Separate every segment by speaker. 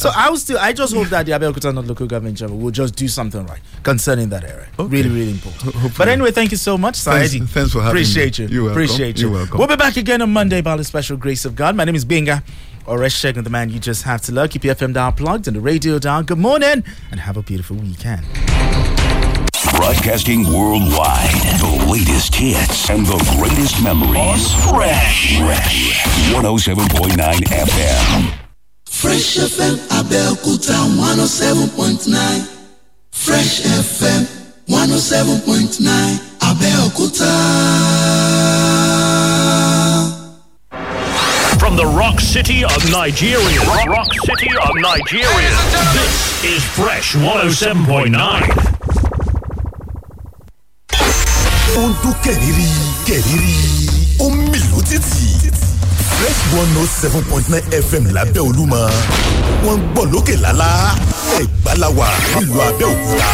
Speaker 1: So I was still, I just hope that the Abeokuta North local government chamber will just do something right concerning that area. Okay. Really, really important. Hopefully. But anyway, thank you so much, Saidi. Thanks, thanks, for having Appreciate me. you. You're Appreciate you. You're welcome. We'll be back again on Monday by the special grace of God. My name is Binga Oreshek, and the man you just have to love. Keep your FM down plugged and the radio down. Good morning,
Speaker 2: and have a beautiful weekend. Broadcasting worldwide, the latest hits and the greatest memories. Fresh, Fresh, 107.9 FM. Fresh FM Kuta oh seven point nine Fresh FM one oh seven Kuta. From the rock city of Nigeria, rock, rock city of Nigeria, this is Fresh 107.9.
Speaker 1: ó keriri dún kẹ̀rìírí kẹ̀rìírí ó lù títì fresh one note oh seven point nine fm lábẹ́ olúmọ wọ́n ń gbọ́ lókè lálá ẹ̀gbá la wà nílùú abẹ́òkúta.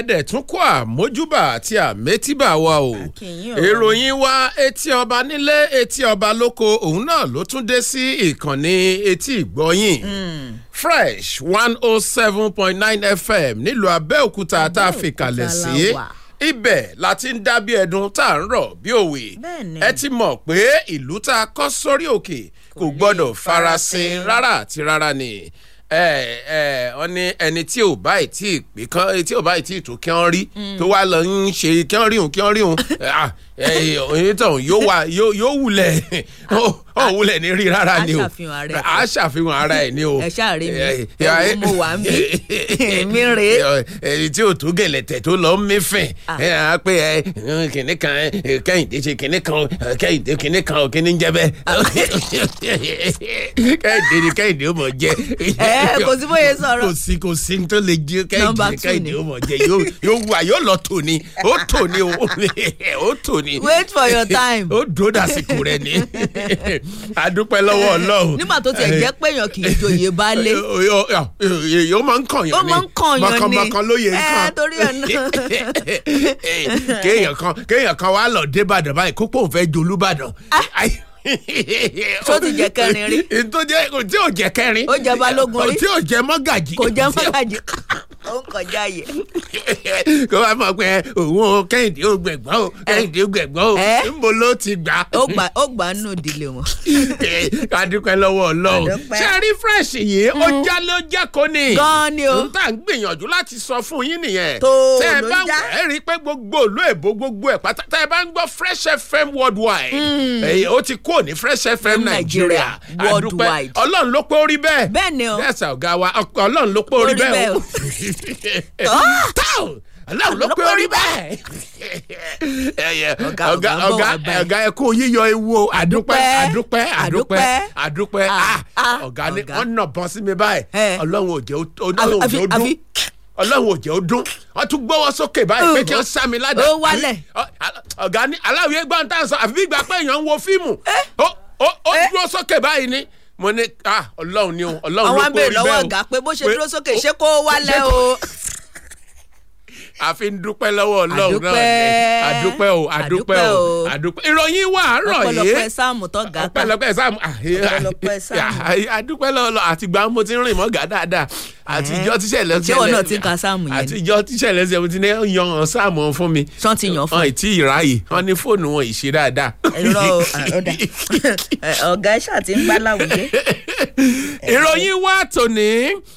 Speaker 3: ẹ̀dẹ̀ àmójúbà àti àmétíbà wa o ìròyìn wa etí ọba nílé etí ọba lóko òun náà ló tún dé sí ìkànnì etí ìgbọ́yìn hmm. fresh one oh seven point nine fm nílùú abẹ́òkúta tá a fi kalẹ̀ sí ibẹ̀ la ti ń dá bí ẹdun tá à ń rọ̀ bí òwe ẹ ti mọ̀ pé ìlú tá a kọ́ sórí òkè kò gbọ́dọ̀ farasin rárá àti rárá ni. Rara ẹ ẹ ọ ní ẹni tí ò bá ìtì pé kán tí ò bá ìtì tó kí wọn rí mm. tó wá lọ ń ṣe kí wọn rí òun kí wọn rí òun onítọ̀hún eh, eh, yóò wà yóò wulẹ̀ ó wulẹ̀ ní rí rárá ni o a ṣàfihàn ara ẹ̀ ni o. ẹ ṣáà rí mi eh, ẹ mo wà mí mi rè é. èyí tí o tó gẹ̀lẹ̀tẹ̀ tó lọ mí fẹ̀ ẹ á pé ẹ kìnní kan kẹ́hìndé ṣe kìnní kan kẹ́hìndé kìnní kan kìnní ń jẹ bẹ́ẹ̀ ah. kẹ́hìndé ni kẹ́hìndé ó mọ̀ jẹ. ẹ kò sí bóyá sọ̀rọ̀ kò sí kò sí tó lè jẹ kẹ́hìndé kẹ́hìndé ó mọ̀ jẹ yóò wà yóò lọ tòní ó tòní ó tòní ni. wait for your time. ó dúró dàsìkò rẹ ni adúpẹ́ lọ́wọ́ ọlọ́run. nígbà tó tiẹ̀ jẹ́ pé èèyàn kì í joyè baálé. ó máa ń kànyàn ni ó máa ń kànyàn ni mọ̀kànmọ̀kàn lóye nǹkan. ẹ torí ẹ náà. kéèyàn kan kéèyàn kan wá lọ dé Ìbàdàn báyìí kó pòun fẹ́ jolúbàdàn tó
Speaker 4: ah! ti jẹ kẹrin rí.
Speaker 3: tó jẹ tí ò jẹ kẹrin. ó jẹ balógun rí. tí ò jẹ mọ́gàjì. kò jẹ mọ́gàjì ó ń kọjá yẹ. kó wàá mọ̀ pé òun o kẹ́hìndé ó gbẹ̀gbọ́n o kẹ́hìndé ó gbẹ̀gbọ́n o níbo ló ti gbà. ó gbà nù ìdílé wọn. ká dúpẹ́ lọ́wọ́ ọlọ́run ṣé a rí fresh yìí ó hmm. já ló jẹ́ kó ni. gan ni o. n ta ń gbìyànjú láti sọ fún yín nìyẹn. tó o ló já tẹ ẹ bá wẹ̀ rí i pé gbogbo òlú èbó gbogbo ẹ̀ pátá tẹ ẹ bá ń gbọ́ fresh fm worldwide. Hmm. ó ti kúrò ní fresh fm nàìjíríà worldwide. ọlọ́run ló pé ó rí bẹ́ẹ̀. bẹ́ẹ̀ ni o. bẹ́ẹ̀ sà ọ̀gá wa ọlọ́run ló pé ó rí bẹ́ẹ̀ o. Ah! tó aláwọ̀ ló pé orí bẹ́ẹ̀. ọ̀gá ọ̀gá ọ̀gá ẹ kó yíyọ ewu o àdúpẹ́ àdúpẹ́ àdúpẹ́ àdúpẹ́ ah, ah, ọ̀gá ni wọ́n nà bọ́n sí mi báyìí ọlọ́run ò jẹ́ ọlọ́run ò jẹ́ ó dún ọlọ́run ò jẹ́ ó dún wọ́n tún gbọ́wọ́ sókè báyìí pé kí wọ́n sá mi ládàá. ó wálẹ̀. ọ̀gá ni aláwọ̀ yẹn gbọ́n tá a sọ àfi bí ìgbà pé èèyàn ń wo fíìmù ó dúró sókè báyìí ni mo ní ah, ọlọ́run ni o ọlọ́run ló kó rí bẹ́ẹ̀ àwọn abèrè lọ́wọ́ ọ̀gá pé bó ṣe dúró sókè ṣé kó wálẹ̀ o àfi ń dúpẹ́ lọ́wọ́ ọlọ́run náà ni àdúpẹ́ o àdúpẹ́ o àdúpẹ́ ìròyìn wà á rọ̀ yìí ọpẹ́lọpẹ́ sáàmù tó ga ta ọpẹ́lọpẹ́ sáàmù àdúpẹ́ lọ́wọ́ àtìgbà mo ti rìn mọ́ gà dáadáa àtijọ́ tíṣẹ̀lẹ̀ ṣẹlẹ̀ ṣé wọn náà ti ń ka sáàmù yẹn àtijọ́ tíṣẹ̀lẹ̀ ṣẹlẹ̀ mo ti ní yan sáàmù fún mi sọ ti yàn fún mi ti ìráyè wọn ní fóònù wọn ìṣe dáadáa. ẹ̀rọ ọ̀gá ẹ̀ṣà ti ń gbá láwùjẹ́ ìròyìn wá tòní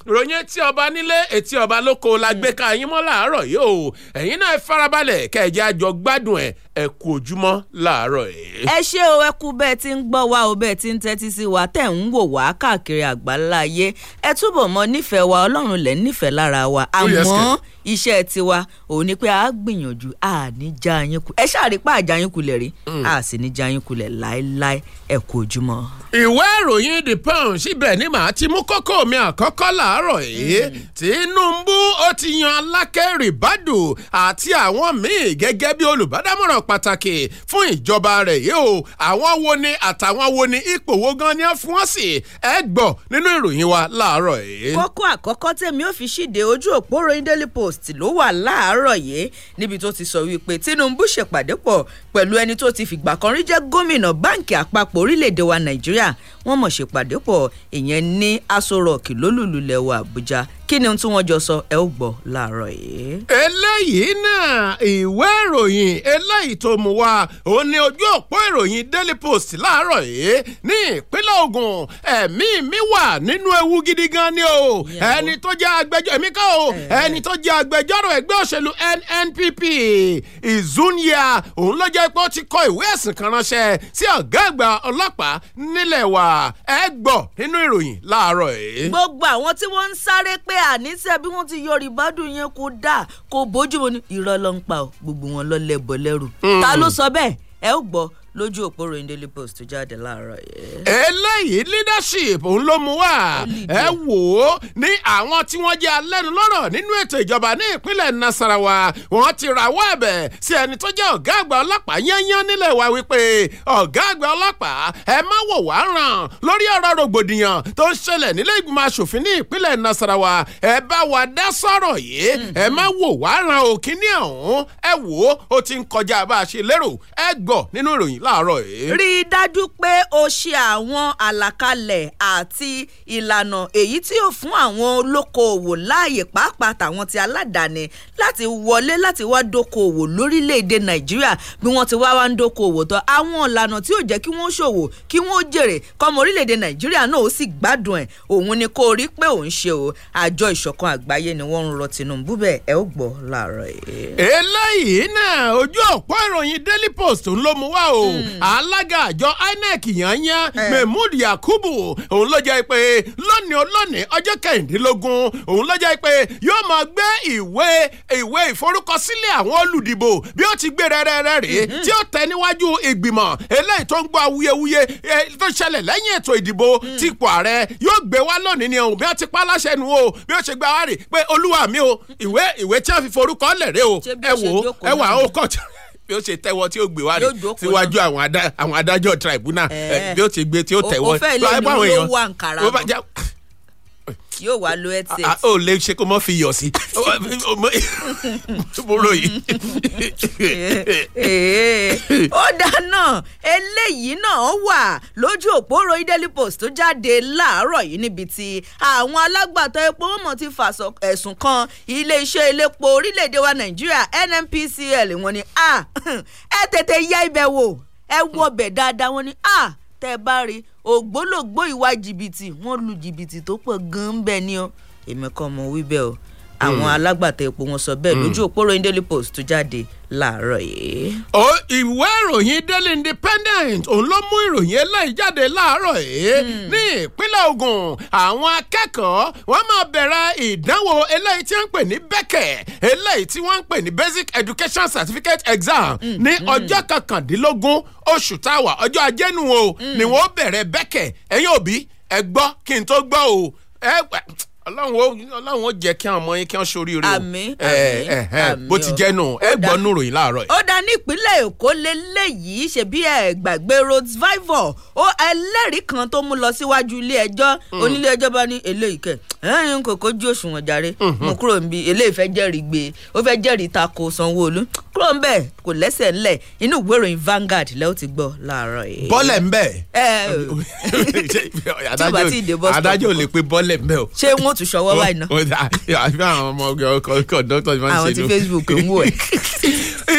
Speaker 3: ìròyìn etí ọba nílé etí ọba lóko la gbé ka yín mọ́ làárọ̀ yìí o ẹ̀yin náà farabalẹ̀ kẹ̀jẹ̀ àjọ gbádùn ẹ̀ ẹ kú ojúmọ́ láàárọ̀ ẹ̀. ẹ ṣé o ẹ kú bẹ́ẹ̀ tí
Speaker 5: ń gbọ́ wa o bẹ́ẹ̀ tí ń tẹ́tí sí wa tẹ̀ ń wò wá káàkiri àgbáńlá ẹ túbọ̀ mọ nífẹ̀ẹ́ wa ọlọ́run lẹ̀ nífẹ̀ẹ́ lára wa àmọ́ iṣẹ́ tiwa òun ni pé a gbìyànjú a ní já yín kù ẹ ṣáà rí pa àjà yín kulẹ̀ rí mm. a sì ní já yín kulẹ̀ láéláé ẹ kú ojúmọ́.
Speaker 3: ìwé ìròyìn the pound síbẹ̀ ni màá ti mú kókó mi àkọ́kọ́ láàárọ̀ yìí mm. Tinubu ó ti yan Aláké Ribadu àti àwọn míì gẹ́gẹ́ bí olùbádámọ̀ràn náà pàtàkì fún ìjọba rẹ̀ yìí o àwọn wo ni àtàwọn wo ni ipò wo gan ni wọ́n fún wọn sí ẹ gbọ́ nínú ìròyìn wa láàárọ̀ yìí.
Speaker 5: kókó àkọ́kọ́ tèmi ò fi ṣíde ojú òpó ròyìn daily post ló wà láàárọ̀ yìí níbi tó ti sọ wípé tinubu ṣèpàdé pọ̀ pẹ̀lú ẹni tó ti fìgbà kan rí jẹ́ gómìnà báǹkì àpapọ̀ orílẹ̀-èdè wa nàìjíríà wọ́n mọ̀ ṣèpàdé pọ̀ ìyẹn ní aṣọ rọ̀ọ̀kì lólùlù lẹ́wọ̀
Speaker 3: àbújá kí ni ohun tí wọ́n jọ sọ ẹ ó gbọ́ láàárọ̀ yìí. eléyìí náà ìwé ìròyìn eléyìí tó mú wá ó ní ojú òpó ìròyìn daily post láàárọ̀ yìí ní ìpínlẹ̀ Ògùn ẹ̀mí mi wà nínú ewu gidi gan ni o ẹni tó jẹ́ agbẹjọ́ èmi kọ́ o ẹni tó jẹ́ agbẹjọ́rò ẹgbẹ́ òṣèlú NNPP Ìzúnyà òun ló jẹ́ pé ó ti kọ ìwé ẹ̀sùn kan ránṣẹ́ sí ọ̀gá àgbà ọlọ́pàá nílẹ̀ wa ẹ gbọ́ nínú ìròyìn láàárọ̀ yìí. gbogbo àwọn tí wọ́n
Speaker 5: ń sáré pé àníṣe bí wọ́n ti yọ rìbádùn yẹn kó dà kó bójú mu ni irọ́ ń pa
Speaker 3: gbogbo wọn lọ lẹ́bọ̀ lẹ́rù hmm. ta ló sọ
Speaker 5: bẹ́ẹ̀ ẹ ó gbọ́ lójú òpó ròyìn daily post tó jáde láàárọ̀ yìí.
Speaker 3: eléyìí leadership òun ló mú wá ẹ wò ó ní àwọn tí wọ́n jẹ́ alẹ́nulọ́rọ̀ nínú ètò ìjọba ní ìpínlẹ̀ nasarawa wọ́n ti rawọ́ ẹ̀bẹ̀ sí ẹni tó jẹ́ ọ̀gá àgbà ọlọ́pàá yányán nílẹ̀ wa wípé ọ̀gá àgbà ọlọ́pàá ẹ má wò wá ràn lórí ọ̀rọ̀ rògbòdìyàn tó ń ṣẹlẹ̀ nílé ìgbìmọ̀ asòfin ní ìpínlẹ̀ nasarawa ẹ bá wa dá sọ̀rọ̀ yìí hmm. ẹ má wò wá ràn òkínní ọ̀hún ẹ wò ó láàárọ̀ yìí. rí i dájú pé
Speaker 5: o ṣe àwọn àlàkalẹ̀ àti ìlànà èyí tí yóò fún àwọn olókoòwò láàyè pàápàá tàwọn ti aládàáni láti wọlé láti wá dókoòwò lórílẹ̀‐èdè nàìjíríà bí wọ́n ti wá wá ń dókoòwò tán àwọn ìlànà tí yóò jẹ́ kí wọ́n ṣòwò kí wọ́n jèrè kọ́mọ orílẹ̀‐èdè nàìjíríà náà ó sì gbádùn ẹ̀ òun ni kó rí pé òun ṣe o àjọ ìṣọ̀kan àgbáyé ni wọ́n ń rọ tinubu bẹ́ẹ̀ ẹ ó gbọ́ láàárọ̀ yìí. eléyìí
Speaker 3: náà ojú ọ̀pọ̀ ìròyìn daily post ló mú wá o Hmm. alága àjọ inec yányán eh. mahmood yakubu òun ló jẹ́ pé lónìí olónìí ọjọ́ kẹrìndínlógún òun ló jẹ́ pé yóò máa gbé ìwé ìwé ìforúkọsílẹ̀ àwọn olùdìbò bí ó ti gbé rẹ́rẹ́rẹ́ rèé hmm. tí ó tẹ níwájú ìgbìmọ̀ eléyìí tó ń gbọ́ awuyewuye e, tó ṣẹlẹ̀ lẹ́yìn ètò ìdìbò hmm. tipò ààrẹ yóò gbé wá lónìí ni òun bí ó ti pa láṣẹ nu o bí ó ṣe gba wá rè pé olúwa mi o ìwé ìwé tí wọ́n fi forúkọ lẹ̀ rè o ẹ wò ẹ wà ó kọjá bí ó ṣe tẹ́wọ́ tí ó gbé wá rè síwájú àwọn adájọ́ tribunal eh. Eh, bí ó ṣe gbé tí ó tẹ́wọ́. òfò fẹ́ẹ́ lè lówó àǹkàrà yóò wá lo headset. a lè ṣe kó mọ́ fi yọ̀ sí bóró yìí.
Speaker 5: ó dáná eléyìí náà wà lójú òpó ròyìn daily post tó jáde láàárọ̀ yìí níbi tí àwọn alágbàtọ́ epo mọ̀ ti fà ẹ̀sùn kan iléeṣẹ́ elépo orílẹ̀-èdè wa nàìjíríà nnpcl wọ́n ní ah, ẹ tètè yẹ ibẹ̀ wò ẹ wọ ọbẹ̀ dáadáa wọ́n ní ah, tẹ́ ẹ bá rí ògbólógbó ìwà jìbìtì wọ́n lu jìbìtì tó pọ̀ gan-an bẹ́ẹ̀ ni o èmi kan mọ̀ wíbẹ̀ o àwọn hmm. alágbàtà epo wọn sọ bẹ́ẹ̀ hmm. lójú òpó ròyìn daily post tó jáde láàárọ̀ yìí.
Speaker 3: ó ìwé ìròyìn daily independent òun ló mú ìròyìn eléyìí jáde láàárọ̀ yìí hmm. ní ìpínlẹ̀ ogun àwọn akẹ́kọ̀ọ́ wọ́n máa bẹ̀rẹ̀ ìdánwò eléyìí tí wọ́n ń pè ní bẹ́kẹ̀ eléyìí tí wọ́n ń pè ní basic education certificate exam ní ọjọ́ kọkàndínlógún oṣù táwà ọjọ́ ajẹ́nu o ni wọ́n bẹ̀rẹ̀ bẹ́kẹ̀ ẹ̀yin òbí ẹ gbọ́ kí n tó gbọ́ o ẹ ọlọ́run ó jẹ́ kí àwọn ọmọ yín kí wọ́n ṣoríire o àmín àmín bó ti jẹ́ nù ẹ gbọ́ nù ròyìn láàárọ̀ yìí.
Speaker 5: ó dá ní ìpínlẹ̀ èkó lélẹ́yìí ṣebí ẹ gbàgbé roads vivor ó ẹlẹ́rìí kan tó mú lọ síwájú ilé ẹjọ́ hmm. onílé ẹjọ́ bá ní eléyìí kẹ̀ ẹ̀yìn kò kójú òṣùwọ̀n jàre hmm. mo kúrò níbi eléyìí fẹ́ jẹ́rìí gbé ó fẹ́ jẹ́rìí tako sanwó-olú kúrò ń bẹ̀ kò lẹ́sẹ̀ ńlẹ̀ inú ìwé ìròyìn lẹ́ ó ti gbọ́ láàárọ̀ yìí. bọ́lẹ̀ ń
Speaker 3: bẹ̀. ẹ ẹ adájọ́ ò lè pe bọ́lẹ̀ ń bẹ̀ o. ṣé wọ́n wọn ò tún ṣọwọ́ báyìí náà. ó dà àfi àwọn ọmọ ọgẹ ọkọ ọkọ dókítà ni ṣe nù. àwọn ti facebook ń wò ẹ.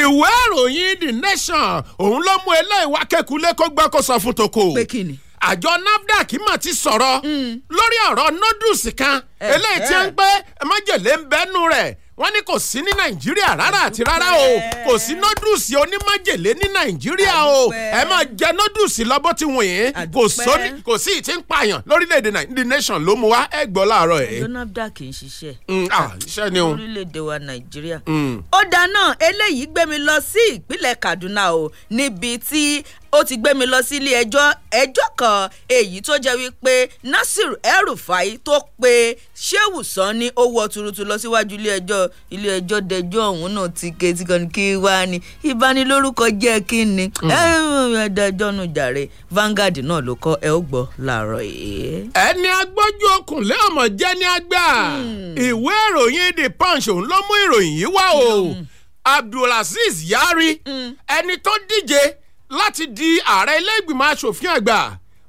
Speaker 3: ìwé ìròyìn the nation òun ló mú eléyìí wá kẹkulé kó gbọ́ kó sọ fún toko. pé kí ni àjọ nafdac mà ti sọ̀rọ̀ mm. lórí ọ̀rọ̀ noodles kan eh, eléyìí tí eh. ń pẹ́ májèlé ń bẹ́nu rẹ̀ wọ́n ní kò sí ní nàìjíríà rárá àti rárá o kò sí nọ́dùsì onímájèlé ní nàìjíríà o ẹ máa jẹ nọ́dùsì lọ bó ti wùn yín kò sí ìtí ń pààyàn lórílẹ̀‐èdè the nation ló mú wa ẹ gbọ́ láàárọ̀ ẹ̀.
Speaker 5: jonathan kì í ṣiṣẹ́. Mm, ah, iṣẹ́ ni o. orílẹ̀‐èdè wa nàìjíríà. Mm. ó dáná eléyìí gbé mi lọ sí ìpínlẹ̀ kaduna o níbi tí ó ti gbé mi lọ sí ilé ẹjọ́ ẹjọ́ kan èyí tó jẹ́ wípé Nasir El-Rufai tó pe Shehu Sani ó wọ tuurutu lọ síwájú ilé ẹjọ́ ilé ẹjọ́ dẹjọ́ ọ̀hún náà ti ké tí kan kí wá ni ìbanilórúkọ jẹ́ kí ni mm. ẹ̀ẹ́dẹ́jọ́ nù jàre Vanguard náà ló kọ́ ẹ ó gbọ́ làárọ̀ yìí.
Speaker 3: ẹni agbójú okùnlé ọmọ jẹ́ ní àgbà mm. ìwé ìròyìn The Punch òun ló mú ìròyìn yìí wá o. Mm. Abdulaziz Yari ẹni mm. tó díje láti di ààrẹ ilé ìgbìmọ̀ asòfin àgbà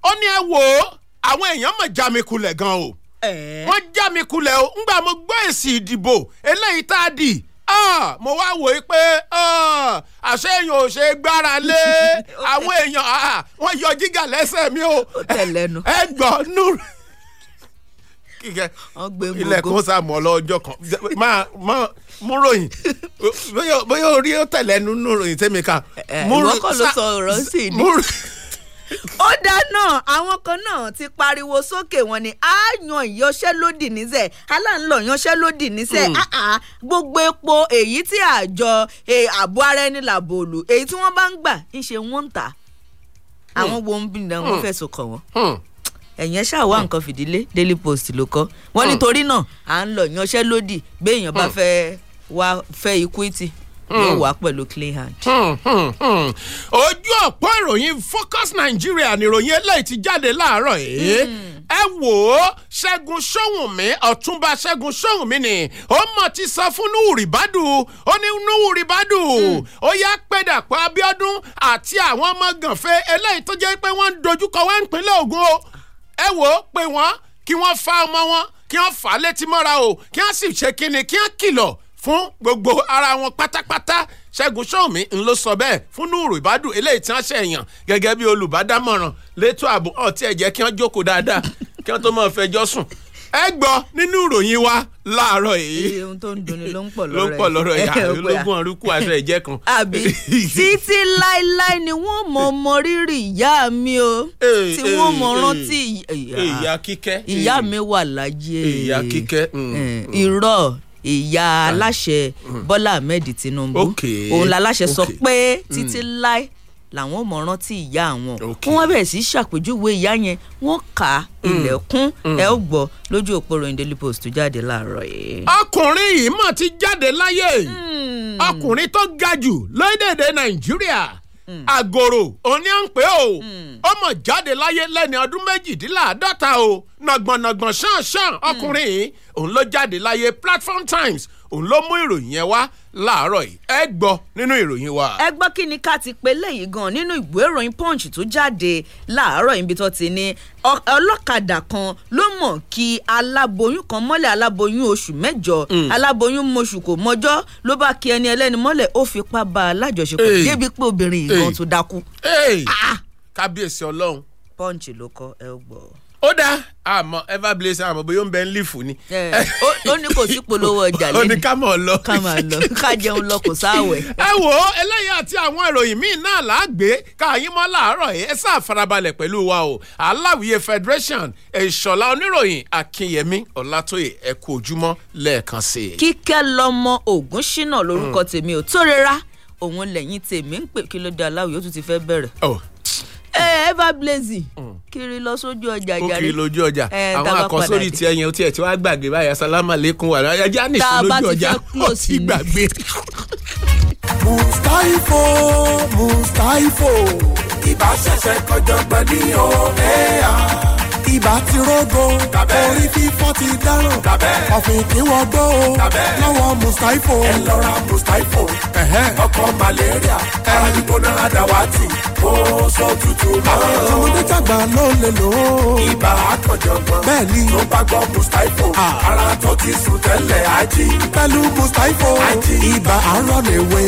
Speaker 3: ó ní ẹ wò ó àwọn èèyàn mọ̀ já mi kulẹ̀ gan o wọ́n já mi kulẹ̀ o ńgbà mo gbọ́ èsì ìdìbò eléyìí tá a dì ah, mo wá wò ó pé ah, àṣé èèyàn ò ṣe gbára lé àwọn èèyàn ah, wọ́n yọ jígà lẹ́sẹ̀ mi o ẹ gbọ́ nù kíkẹ́ ilẹ̀kùn sàmọ́ lọ́jọ́ kan máa máa mú ròyìn bóyá orí ó tẹ̀lé nínú ròyìn tẹ́mi ká. ìwọ kọ́ ló sọ ọ̀rọ̀ sí i ní. ó
Speaker 5: dáná àwọn kan náà ti pariwo sókè wọn ni a yan ìyanṣẹ́lódì níṣẹ́ aláǹlọ̀ yanṣẹ́lódì níṣẹ́ hmm. gbogbo epo èyí tí àjọ e, àbò ara ẹni làbò òlù èyí tí wọ́n bá ń gbà ń ṣe wọ́n ń ta hmm. àwọn wo náà wọ́n hmm. fẹ̀sùn kàn wọ́n ẹ̀yìn ẹ̀ ṣáà wá hmm. nǹkan fìdílé daily post ló kọ́ wọ́n nítorí hmm. náà à ń lọ ìyanṣẹ́lódì béèyàn bá hmm. fẹ́ wá fẹ́ equity yóò wá
Speaker 3: pẹ̀lú clean hand. ojú ọ̀pọ̀ ìròyìn focus Nigeria nìròyìn eléyìí ti jáde láàárọ̀ yìí ẹ wò ó ṣẹ́gun ṣóhùnmí ọ̀túnba ṣẹ́gun ṣóhùnmí ni ó mọ̀ ti sọ fún nuwuri badu ó ní nuwuri badu ó yá pẹ́dàpọ̀ Abíọ́dún àti àwọn ọmọ gànfẹ́ eléyìí tó jẹ́ pé wọ́n ń dojúkọ wọ́n ń pinlẹ̀ Ògùn o ẹ wò ó pé wọ́n kí wọ́n fa ọmọ wọn kí wọ́n fà á létí mọ́ra o kí wọ́n sì ṣe kíni kí wọ́n kìlọ̀ fún gbogbo ara wọn pátápátá ṣẹ́gun sọ́ọ̀mí ń ló sọ bẹ́ẹ̀ fún núùrù ìbádùn eléyìí tí wọ́n ṣe èèyàn gẹ́gẹ́ bí olùbádámọ̀ràn létò ààbò ọ̀tí ẹ̀jẹ̀ kí wọ́n jókòó dáadáa kí wọ́n tó máa fẹjọ́ sùn ẹ gbọ́ nínú ìròyìn wa láàárọ̀ yìí.
Speaker 6: ohun tó ń dunni ló ń pọ̀ lọ́rọ̀ yìí. ló ń pọ̀ lọ́rọ̀ yìí
Speaker 3: ológun ọ̀rúkú aṣọ ẹ̀jẹ̀ kan.
Speaker 5: àbí títí láéláé ni wọ́n mọ̀ mọ rírì ìyá mi o tí wọ́n mọ̀ rántí ìyá kíkẹ́. ìyá mi wà láyé. ìyá kíkẹ́. Mm, mm. irọ́ ìyá ah, aláṣẹ mm. Bọ́lá Ahmed Tinubu
Speaker 7: òun la láṣẹ sọ
Speaker 5: pé títí láé làwọn ò mọ rántí ìyá àwọn wọn wá bẹ̀rẹ̀ sí
Speaker 3: ṣàpèjúwe ìyá yẹn wọ́n kà á mm. ilẹ̀kùn
Speaker 5: mm. ẹ ó gbọ́ lójú òpó ròyìn daily post tó jáde láàárọ̀ yìí.
Speaker 3: ọkùnrin yìí mà ti jáde láyé mm. ọkùnrin tó ga jù lórílẹ̀‐èdè nàìjíríà àgòrò òní à ń pè ó ọmọ jáde láyé lẹ́ni ọdún méjìdínláàádọ́ta o nàgbọ̀nàgbọ̀n ṣàn ṣàn ọkùnrin yìí òun ló jáde láyé platform times òun ló mú ìròyìn yẹn wá láàárọ̀ yìí ẹ gbọ́ nínú ìròyìn wa. ẹ gbọ́ kí ni ká ti pè léyìí gan nínú ìwé ìròyìn punch tó jáde láàárọ̀
Speaker 5: ibi tó ti ní ọlọ́kadà kan ló mọ̀ kí aláboyún kan mọ́lẹ̀ aláboyún oṣù mẹ́jọ hmm. aláboyún mọṣù kò mọ́jọ́ ló bá kí ẹni ẹlẹ́ni mọ́lẹ̀ ó fipá bá a lájọṣepọ̀ débi pé obìnrin yìí gan tó dákú. Ah!
Speaker 3: kábíyèsí ọlọ́run. punch ló kọ ẹ gbọ́ ó dá àmọ́ ever blaze àmọ́ bóyá ó ń bẹ ń lífù ni. ó ní kò sí polówó ọjà lẹ́nu ó ní ká mọ̀ lọ ká mọ̀ lọ ká jẹun lọ kò sáwẹ̀. ẹ wò eléyìí àti àwọn ìròyìn míì náà láàgbé káyín mọ́ làárọ̀ ẹ sáà farabalẹ̀ pẹ̀lú wa o aláwìyé federation ìṣọ̀lá oníròyìn akínyẹmí ọ̀làtòyè ẹ kú ojúmọ́ lẹ́ẹ̀kan sí i. kíkẹ́ lọmọ ògún ṣínà lórúkọ mm. tèmi ò tó rẹra
Speaker 5: ẹ eh, ever blazing mm. kiri lọ sójú ọjà jàre ó kiri lójú ọjà eh, àwọn àkọsórí tiẹ̀
Speaker 3: yẹn ó tí wàá gbàgbé báyìí asálámà lẹkùn wà láyé ajá nìṣó lójú ọjà ó ti gbàgbé. mustaifo mustaifo ibà kọjọ gbọ́dí
Speaker 4: o ẹ̀yà ibà ti rógo orí fífọ́ ti dáràn
Speaker 8: ọ̀fìnkìwọ́gbó o lọ́wọ́ mùsáífò. ẹ lọ ra mùsáífò ọkọ̀ malaria ara gbígbóná àdáwátì ó sọ tútù máa. tọmọdé tàgbà ló lè lò ó. ibà àkànjọ̀gbọ́n bẹ́ẹ̀ ni tó bá gbọ́ mùsáífò ara tó ti sùn tẹ́lẹ̀ ají. pẹ̀lú mùsáífò ibà arọ lè wé.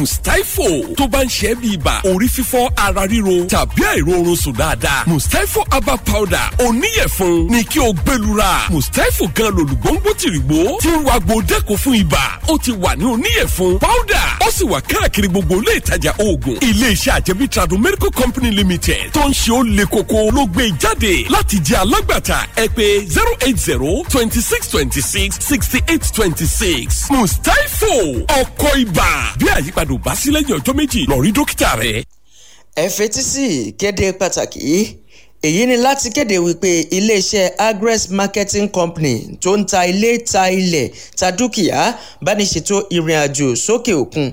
Speaker 8: mùsáífò tó bá ń ṣe é bí ibà orí fífọ́ ara ríro tàbí àìróorun sùn dáadáa mùsáífò herbal powder oníyẹ̀fun ni kí o gbẹlura mustapha gan lòlùgbòǹgbò tìrìgbò ti ń wa gbòdẹ́kọ̀ fún ibà ó ti wà ní oníyẹ̀fun powder ó sì wà káàkiri gbogbo ilé ìtajà oògùn iléeṣẹ́ àjẹbí tradu medical company limited tó ń ṣe ó le koko ló gbé e jáde láti jẹ́ alágbàtà ẹ pè zero eight zero twenty six twenty six sixty eight twenty six mustapha ọkọ̀ ibà bí àyípadà ò bá sí lẹ́yìn ọjọ́ méjì lọ rí dókítà rẹ.
Speaker 5: ẹ fetí sí ìkéde pàtàkì èyí ni láti kéde wípé iléeṣẹ́ Aggress Marketing Company tó ń ta ilé ta ilẹ̀ ta dúkìá bániṣètò ìrìnàjò sókè òkun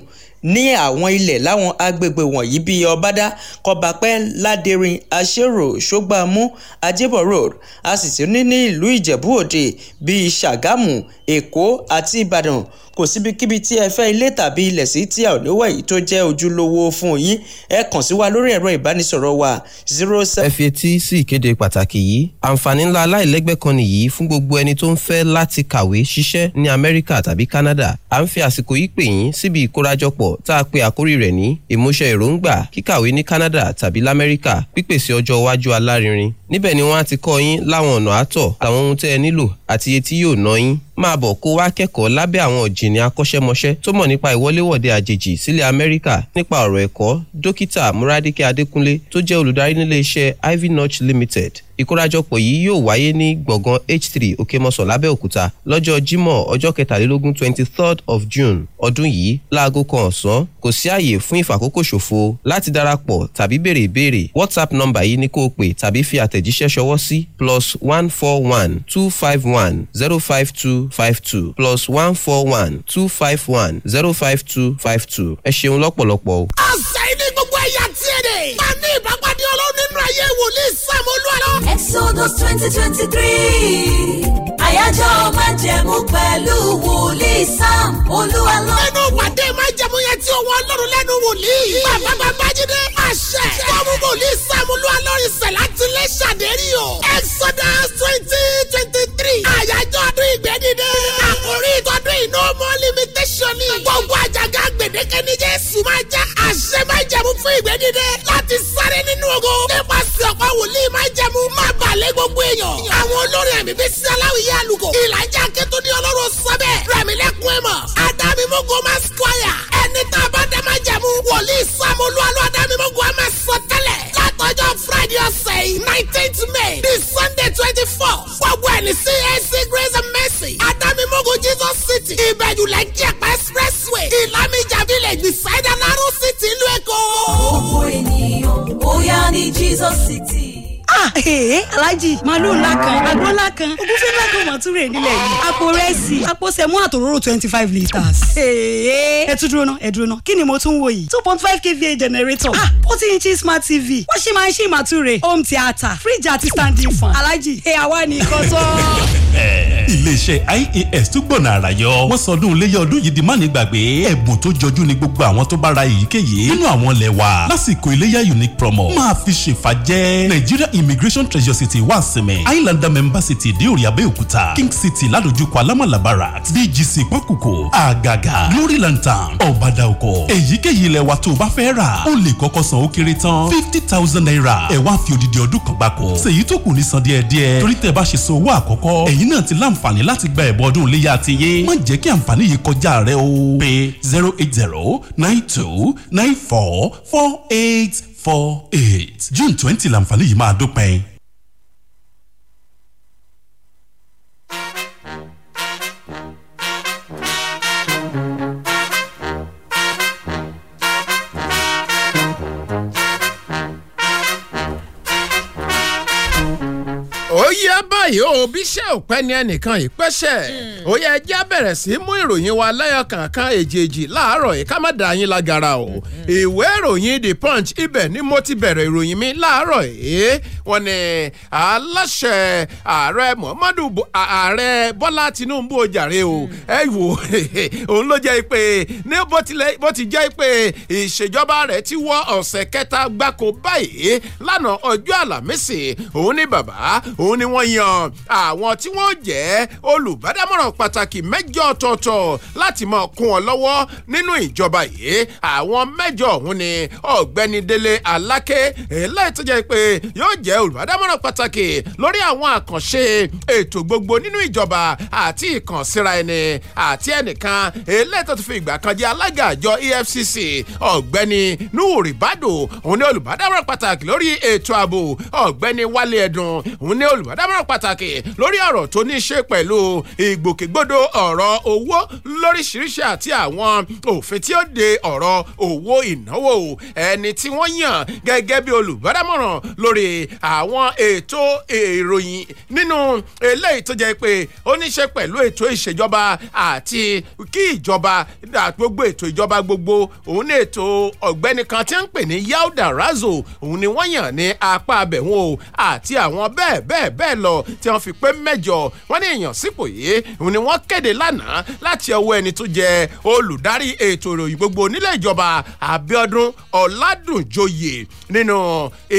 Speaker 5: ní àwọn ilẹ̀ láwọn agbègbè wọ̀nyí bíi ọbádá kọbapẹ́ ládẹrin aṣèrò ṣọgbàmú ajébọ̀ road a sì ti ní ní ìlú ìjẹ̀bú òde bíi ṣàgámù
Speaker 6: èkó àti ìbàdàn kò síbikíbi tí ẹ fẹ́ ilé tàbí ilẹ̀ sí tí a ò lówó
Speaker 7: èyí tó jẹ́ ojúlówó fún yín ẹ kàn sí wa lórí ẹ̀rọ ìbánisọ̀rọ̀ wa zero seven. ẹ fi etí sí ìkéde pàtàkì yìí àǹfààní ńlá aláìlẹ́gbẹ́ kan nìyí fún gbogbo ẹni tó ń fẹ́ láti kàwé ṣiṣẹ́ ní amẹ́ríkà tàbí canada à ń fi àsìkò yìí pè yín síbi ìkórajọpọ̀ tá a pe àkórí rẹ̀ ní ìmúṣẹ èròǹgbà kíkàwé ní canada tàbí lamẹ́ríkà pípèsè ọjọ́ iwájú alárinrin níbẹ̀ ni wọ́n á ti kọ́ yín láwọn ọ̀nà àtọ̀ àwọn ohun tẹ́ ẹ nílò àti iye tí yóò ná yín máa bọ̀ kó wá kẹ́kọ̀ọ́ lábẹ́ àwọn òjìní akọ́ṣẹ́mọṣẹ́ tó mọ̀ nípa ìwọléwọ̀de àjèjì sílẹ̀ Amẹ́ríkà nípa ọ̀rọ̀ ẹ̀kọ́ dókítà Múradékẹ́ Adékúnlé tó jẹ́ olùdarí nílé iṣẹ́ Ivy Notch Limited ìkórajọpọ̀ yìí yóò wáyé ní gbọ̀ngàn h3 òkèmọ́sán lábẹ́òkúta lọ́jọ́ jímọ̀ ọjọ́ kẹtàlélógún twenty third of june ọdún yìí láago kan ọ̀sán kò sí àyè fún ìfàkókò ṣòfò láti darapọ̀ tàbí béèrè ìbéèrè whatsapp nọ́mbà yìí ni kó o pè tàbí fi àtẹ̀jíṣẹ́ ṣọwọ́ sí plus one four one two five one zero five two five two plus one four one two five one zero five two five two ẹ ṣeun lọ́pọ̀lọpọ̀ o.
Speaker 4: àṣà ìní gbogbo ẹ̀yà tiẹ̀ dẹ̀. máa ní ìbápadì ayé wòlíì sàmúlò lọ. Exodus twenty twenty three àyájọ́ májẹ̀mú pẹ̀lú wòlíì Sam olúwa lọ. nínú ìpàdé májẹ̀mú yẹn tí òun ọlọ́run lẹ́nu wòlíì. bàbá bàbá jíde máa ṣe. fọ́ọ̀mù wòlíì Sam olúwa lọ́rin sẹ̀lá tilẹ̀ ṣàdérí o. Exodus twenty twenty three àyájọ́ ọdún ìgbẹ́dìde. àkórí ìtọ́dún ìnáwó mọ́ limitation ni. gbogbo àjàgà gbèdéke ní Jésù máa jẹ́ ṣe máa jẹ̀mú fún ìgbé dídé láti sáré nínú ogo nípasẹ̀ ọ̀pá wòlíì máa jẹ̀mú má balẹ̀ gbogbo èèyàn. àwọn olórin ẹ̀mí bíi sialáwìyé àlùkò ìlàjà akétúndí ọlọ́run sọ́bẹ̀ rẹ̀mílẹ́kùn ẹ̀mọ́ adámímógó máa squire ẹni tá a bá dá máa jẹ̀mú wòlíì sàmúlò alọ́ adámímógó ẹ̀ máa sọ tẹ́lẹ̀ látọjọ́ friday ọ̀sẹ̀ yìí nineteenth may di sunday twenty four gbogbo ẹ̀ ní cac grace and mercy adámímógó jesus city ìbẹ̀jùlẹ̀ jẹ̀pẹ̀ expressway ìlàmìjà village beside anaru city gbogbo ènìyàn ó ní Jesus City
Speaker 9: ah ee eh,
Speaker 5: alhaji Malu ńlá kan àgbo ńlá kan ogúnfẹ ńlá kan mọ̀túrè nílẹ̀ yìí àpò rẹ́sì àpò sẹ̀mú àtòróró twenty five litres. ee eh. ẹ tún dúró náà ẹ dúró náà kí ni mo tún wò yìí two point five kva generator ah forty inch smart tv wọ́n ṣì máa ń ṣe ìmàtúrè home theatre fridge àti standing fan alhaji ẹ àwa ni nǹkan sọ.
Speaker 1: iléeṣẹ́ ies tún gbọ̀nà àrà yọ wọ́n sọdún iléyà ọdún yìí di má ní gbàgbé ẹ̀bùn tó jọjú ni gbogbo àwọn tó bá ra èyíkéyìí nínú àwọn ilẹ̀ wa lásìkò iléyà unique promo máa fi ṣèfà jẹ́ nàìjíríà immigration treasure city wàsímẹ̀ islander member city deori abeokuta king city ládojúkọ alámàlà barracks dgc pọ́kùkù àgàgà glory lantern ọ̀bàdà ọkọ̀ èyíkéyìí ilẹ̀ wa tó o bá fẹ́ rà o lè kọ́kọ́ san ó kéré tán fifty thousand naira ẹ̀ wá fi odidi ọdún kan gbáko ṣèyí tó kù ní san díẹ̀díẹ̀ torí tẹ́ bá ṣe san owó àkọ́kọ́ ẹ̀yin náà ti láǹfààní láti gba ẹ̀bùn ọdún iléyà ti yé má jẹ́ kí àǹfààní yìí kọjá rẹ o pé zero eight zero nine two nine four four eight four eight june twenty làǹfààní yìí máa dópin
Speaker 3: báyìí o bíṣẹ́ òpẹ́ ni ẹnìkan ìpẹ́ṣẹ̀ hmm. ó yẹ ẹjẹ́ bẹ̀rẹ̀ sí mú ìròyìn wa lẹ́yọ kankan èjèèjì láàárọ̀ yìí ká má dà yín lágara o hmm. ìwé ìròyìn the punch ibẹ̀ ni mo ti bẹ̀rẹ̀ ìròyìn mi láàárọ̀ yìí wọ́n ní aláṣẹ ààrẹ muhammadu ààrẹ bọ́lá tinubu ó jàre o hmm. ẹ wò òun ló jẹ́ pé ní bó ti jẹ́ pé ìṣèjọba rẹ̀ ti wọ ọ̀sẹ̀ kẹta gbáko báyìí lánàá ọjọ́ àlàmísì òun ni bàbá òun ni wọ́n yan àwọn tí wọ́n jẹ́ olùbádámọ̀ràn pàtàkì mẹ́jọ ọ̀tọ̀ọ̀tọ̀ láti máa kún wọn lọ́wọ́ nínú ìjọba yìí àwọn mẹ́jọ ọ̀hún ni ọ̀gbẹ́ni délé aláké eléyìí tó jẹ́ pé yóò jẹ́ olùbádámọ̀ràn pàtàkì lórí àwọn àkànṣe ètò gbogbo nínú ìjọba àti ìkànsíra ẹni àti ẹnìkan eléyìí tó ti fi ìgbà kan jẹ́ alága àjọ efcc ọ̀gbẹ́ni nuhuri bado òun ni olùbádámọ̀ràn pàtàkì lórí ètò ààbò ọ̀gbẹ́ni wálé ẹ̀dùn òun ni olùbádámọ̀ràn sọ̀rọ̀ pàtàkì lórí ọ̀rọ̀ tó ní í ṣe pẹ̀lú ìgbòkègbodò ọ̀rọ̀ owó lóríṣiríṣi àti àwọn òfin tí ó de ọ̀rọ̀ owó ìnáwó ẹni tí wọ́n yàn gẹ́gẹ́ bí olùbádámọ̀ràn lórí àwọn ètò ìròyìn nínú eléyìí tó jẹ́ pé ó ní í ṣe pẹ̀lú ètò ìṣèjọba àti kí ìjọba gbogbo ètò ìjọba gbogbo òun ní ètò ọ̀gbẹ́ni kan tí ń pè ní yauda razo òun ni wọ́n yàn ní apá abẹ̀wọ̀n àti àwọn bẹ́ẹ̀ bẹ́ẹ̀ bẹ́ẹ̀ lọ lọ tí wọ́n fi pé mẹ́jọ wọ́n ní èèyàn sípò yìí ni wọ́n kéde lánàá láti ọwọ́ ẹni tó jẹ́ olùdarí ètò ìròyìn gbogbo nílẹ̀ ìjọba Abíọ́dún Ọládùnjoyè nínú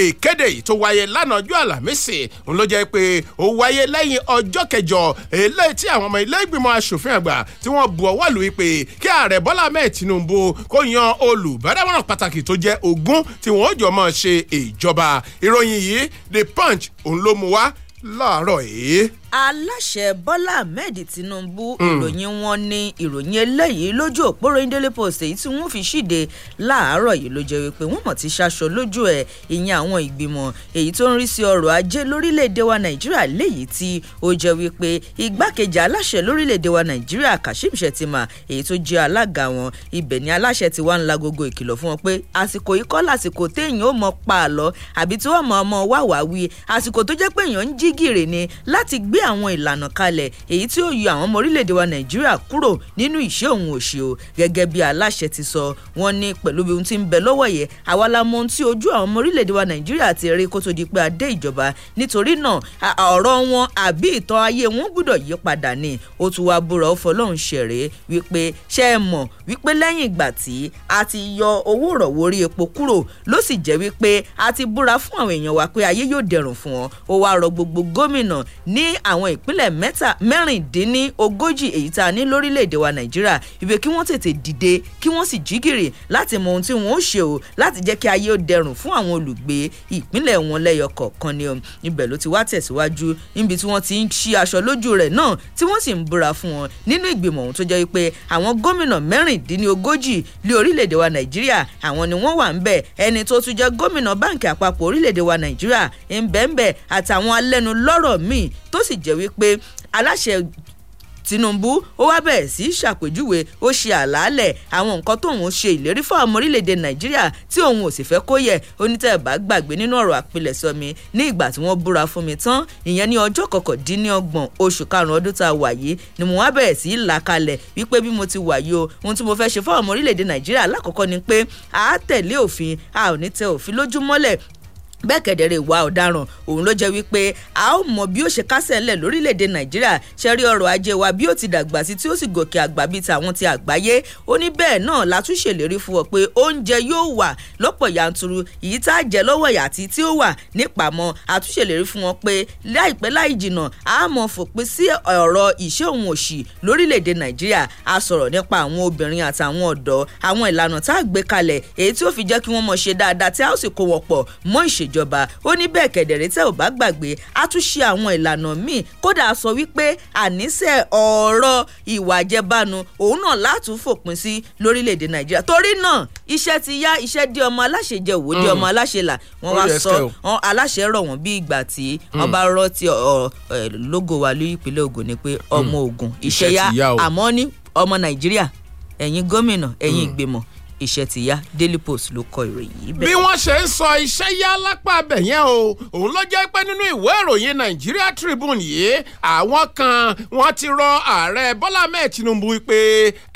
Speaker 3: ìkéde yìí tó wáyé lánàá ọjọ́ àlàmísì òun ló jẹ́ pé ó wáyé lẹ́yìn ọjọ́ kẹjọ eléyìí tí àwọn ọmọ ilé ìgbìmọ̀ asòfin àgbà tí wọ́n bu ọwọ́ lù wípé kí ààrẹ Bọ́lá mẹ́ẹ̀ Tinubu kó yan olùbádámọ̀ràn pàtàkì tó jẹ́ ogún tí wọ́n jọ máa ṣe ìjọba ìròyìn yìí The Punch òun ló mú wá láàárọ̀ yìí
Speaker 5: aláṣẹ bọ́lá
Speaker 3: ahmed tinubu
Speaker 5: hmm. ìròyìn wọn ni ìròyìn eléyìí lójú òpó ròyìndélé post èyí tí wọ́n fi ṣíde láàárọ̀ yìí ló jẹ́ wípé wọ́n mọ̀ ti ṣaṣọ lójú ẹ̀ ìyẹn àwọn ìgbìmọ̀ èyí tó ń rí sí ọrọ̀ ajé lórílẹ̀ wa nàìjíríà léyìí tí ó jẹ́ wípé igbákejì aláṣẹ lórílẹ̀‐èdè wa nàìjíríà kashim shettima èyí tó jẹ́ alága wọn ibẹ̀ ni aláṣẹ ti wá ń la gogo ìkìlọ̀ fún wọn pé àsìkò yìí kọ́ lásìkò téèyàn ó mọ pa àlọ́ àbí tí wọ́n mọ ọmọ wàwáwí àsìkò tó àwọn ìlànà kalẹ̀ èyí tí ó yọ àwọn ọmọ orílẹ̀-èdè wa nàìjíríà kúrò nínú ìṣẹ́ òun òṣì o gẹ́gẹ́ bí aláṣẹ ti sọ wọ́n ní pẹ̀lú bí ohun tí ń bẹ lọ́wọ́ yẹ àwa la mọ ohun tí ojú àwọn ọmọ orílẹ̀-èdè wa nàìjíríà ti rí kó tó di pé a dé ìjọba nítorí náà ọ̀rọ̀ wọn àbí ìtàn ayé wọn gbúdọ̀ yí padà ni ó tún wá búra ó fọlọ́run ṣẹ̀rẹ́ wípé ṣẹ́ ẹ mọ̀ wípé lẹ́yìn ìgbà tí a ti yọ owó ìrọ̀wọ́ orí epo kúrò ló sì jẹ́ wípé a ti búra fún àwọn èèyàn wa pé ayé yóò dẹrùn fún wọn ó wá rọ gbogbo gómìnà ní à àwọn ìpínlẹ̀ mẹ́ta mẹ́rìndínlógójì èyí tá a ní lórílẹ̀‐èdè wa nàìjíríà ibi kí wọ́n tètè dìde kí wọ́n sì jí gìrì láti mọ ohun tí wọ́n ó ṣe o láti jẹ́ kí ayé ó dẹrùn fún àwọn olùgbé ìpínlẹ̀ wọn lẹ́yọ kọ̀ọ̀kan ni o ibẹ̀ ló ti wá tẹ̀síwájú níbi tí wọ́n ti ń ṣí aṣọ lójú rẹ̀ náà tí wọ́n sì ń búra fún wọn nínú ìgbìmọ̀ ohun tó jẹ́ pé àwọn gómìnà mẹ́rìndínlógójì lé orílẹ̀-èdè wa nàìjíríà àwọn ni wọ́n wà ń bẹ̀ ẹni tó tún jẹ́ gómìnà báǹkì àpapọ̀ orílẹ̀-èdè wa nàìjíríà ń bẹ́ẹ̀ ń bẹ́ẹ̀ àtàwọn alẹ́nulọ́rọ̀ míì tó sì jẹ́ wípé aláṣẹ Tinubu ó wá bẹ̀rẹ̀ sí í ṣàpèjúwe ó ṣe àlàálẹ̀ àwọn nǹkan tóun ṣe ìlérí fún ọmọ orílẹ̀-èdè Nàìjíríà tí òun ò sì fẹ́ kó yẹ onítẹ̀bá gbàgbé nínú ọ̀rọ̀ àpilẹ̀sọ mi ní ìgbà tí wọ́n búra fún mi tán ìyẹn ní ọjọ́ kọkàndínlọ́gbọ̀n oṣù karùn-ún ọdún tá a wà yìí ni mo wá bẹ̀rẹ̀ sí í là kalẹ̀ wípé bí mo ti wà yìí o ohun tí mo fẹ́ ṣe a tẹ̀lé òfin a ò ní tẹ bẹ́ẹ̀ kẹ̀dẹ̀rẹ̀ ìwà ọ̀daràn òun ló jẹ́ wípé a ó mọ bí ó ṣe kásẹ̀ ńlẹ̀ lórílẹ̀‐èdè nàìjíríà ṣẹ́rí ọrọ̀ ajé wa bí ó ti dàgbà sí tí ó sì gòkè àgbà bíi tàwọn ti àgbáyé ó ní bẹ́ẹ̀ náà látúnṣe lérí fún ọ pé oúnjẹ yóò wà lọ́pọ̀ yanturu èyí tá a jẹ lọ́wọ́ ìyá àti tí ó wà nípamọ́ àtúnṣe lérí fún wọn pé láìpẹ́ láì jìnà a mọ fòpin sí ọ̀rọ̀ ìṣẹ́ òun òṣì ìjọba ó ní bẹ́ẹ̀ kẹ̀dẹ̀rẹ́ tẹ́ ò bá gbàgbé a tún ṣe àwọn ìlànà míì kódà sọ wípé àníṣe ọ̀rọ̀ ìwà àjẹbánu òun náà látún fòpin sí lórílẹ̀‐èdè nàìjíríà torí náà iṣẹ́ ti yá iṣẹ́ di ọmọ aláṣẹ jẹ òwò di hmm. ọmọ aláṣẹ là wọ́n wá sọ aláṣẹ rọ̀ wọ́n bí ìgbà tí wọ́n hmm. bá rọ́ ti lógo wa lórí ìpínlẹ̀ Ògùn ni pé hmm. ọmọ Ògùn iṣẹ́ yá àmọ́ ní ọmọ nàìjíríà ẹ̀yin gómìnà ẹ̀yin ìgbìmọ̀ iṣẹ́ ti yá daily post ló kọ ìròyìn yìí
Speaker 3: bẹ́ẹ̀. bí wọ́n ṣe ń sọ iṣẹ́ yá lápá abẹ̀ yẹn o òun ló jẹ́ pé nínú ìwé ìròyìn Nigeria Tribune yìí àwọn kan wọ́n ti rọ ààrẹ Bọ́lá mẹ́ẹ̀ Tinubu pé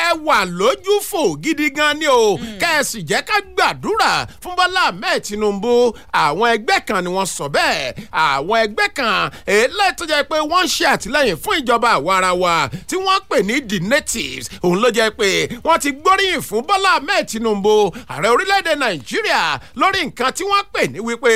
Speaker 3: ẹ wà lójú fò gidi gan ni o hmm. kẹ́ẹ̀sì jẹ́ ká gbàdúrà fún Bọ́lá mẹ́ẹ̀ Tinubu àwọn ẹgbẹ́ kan ni wọ́n sọ bẹ́ẹ̀ àwọn ẹgbẹ́ kan èlé tó jẹ́ pé wọ́n ń ṣe àtìlẹ́yìn fún ìjọba àwarawa tí wọ́n pè ní the natives òun ló jẹ́ pé wọ́n ti gbóríyìn fún Bọ́lá mẹ́ẹ̀ Tinubu ààrẹ orílẹ̀-èdè Nàìjíríà lórí nǹkan tí wọ́n pè ní wípé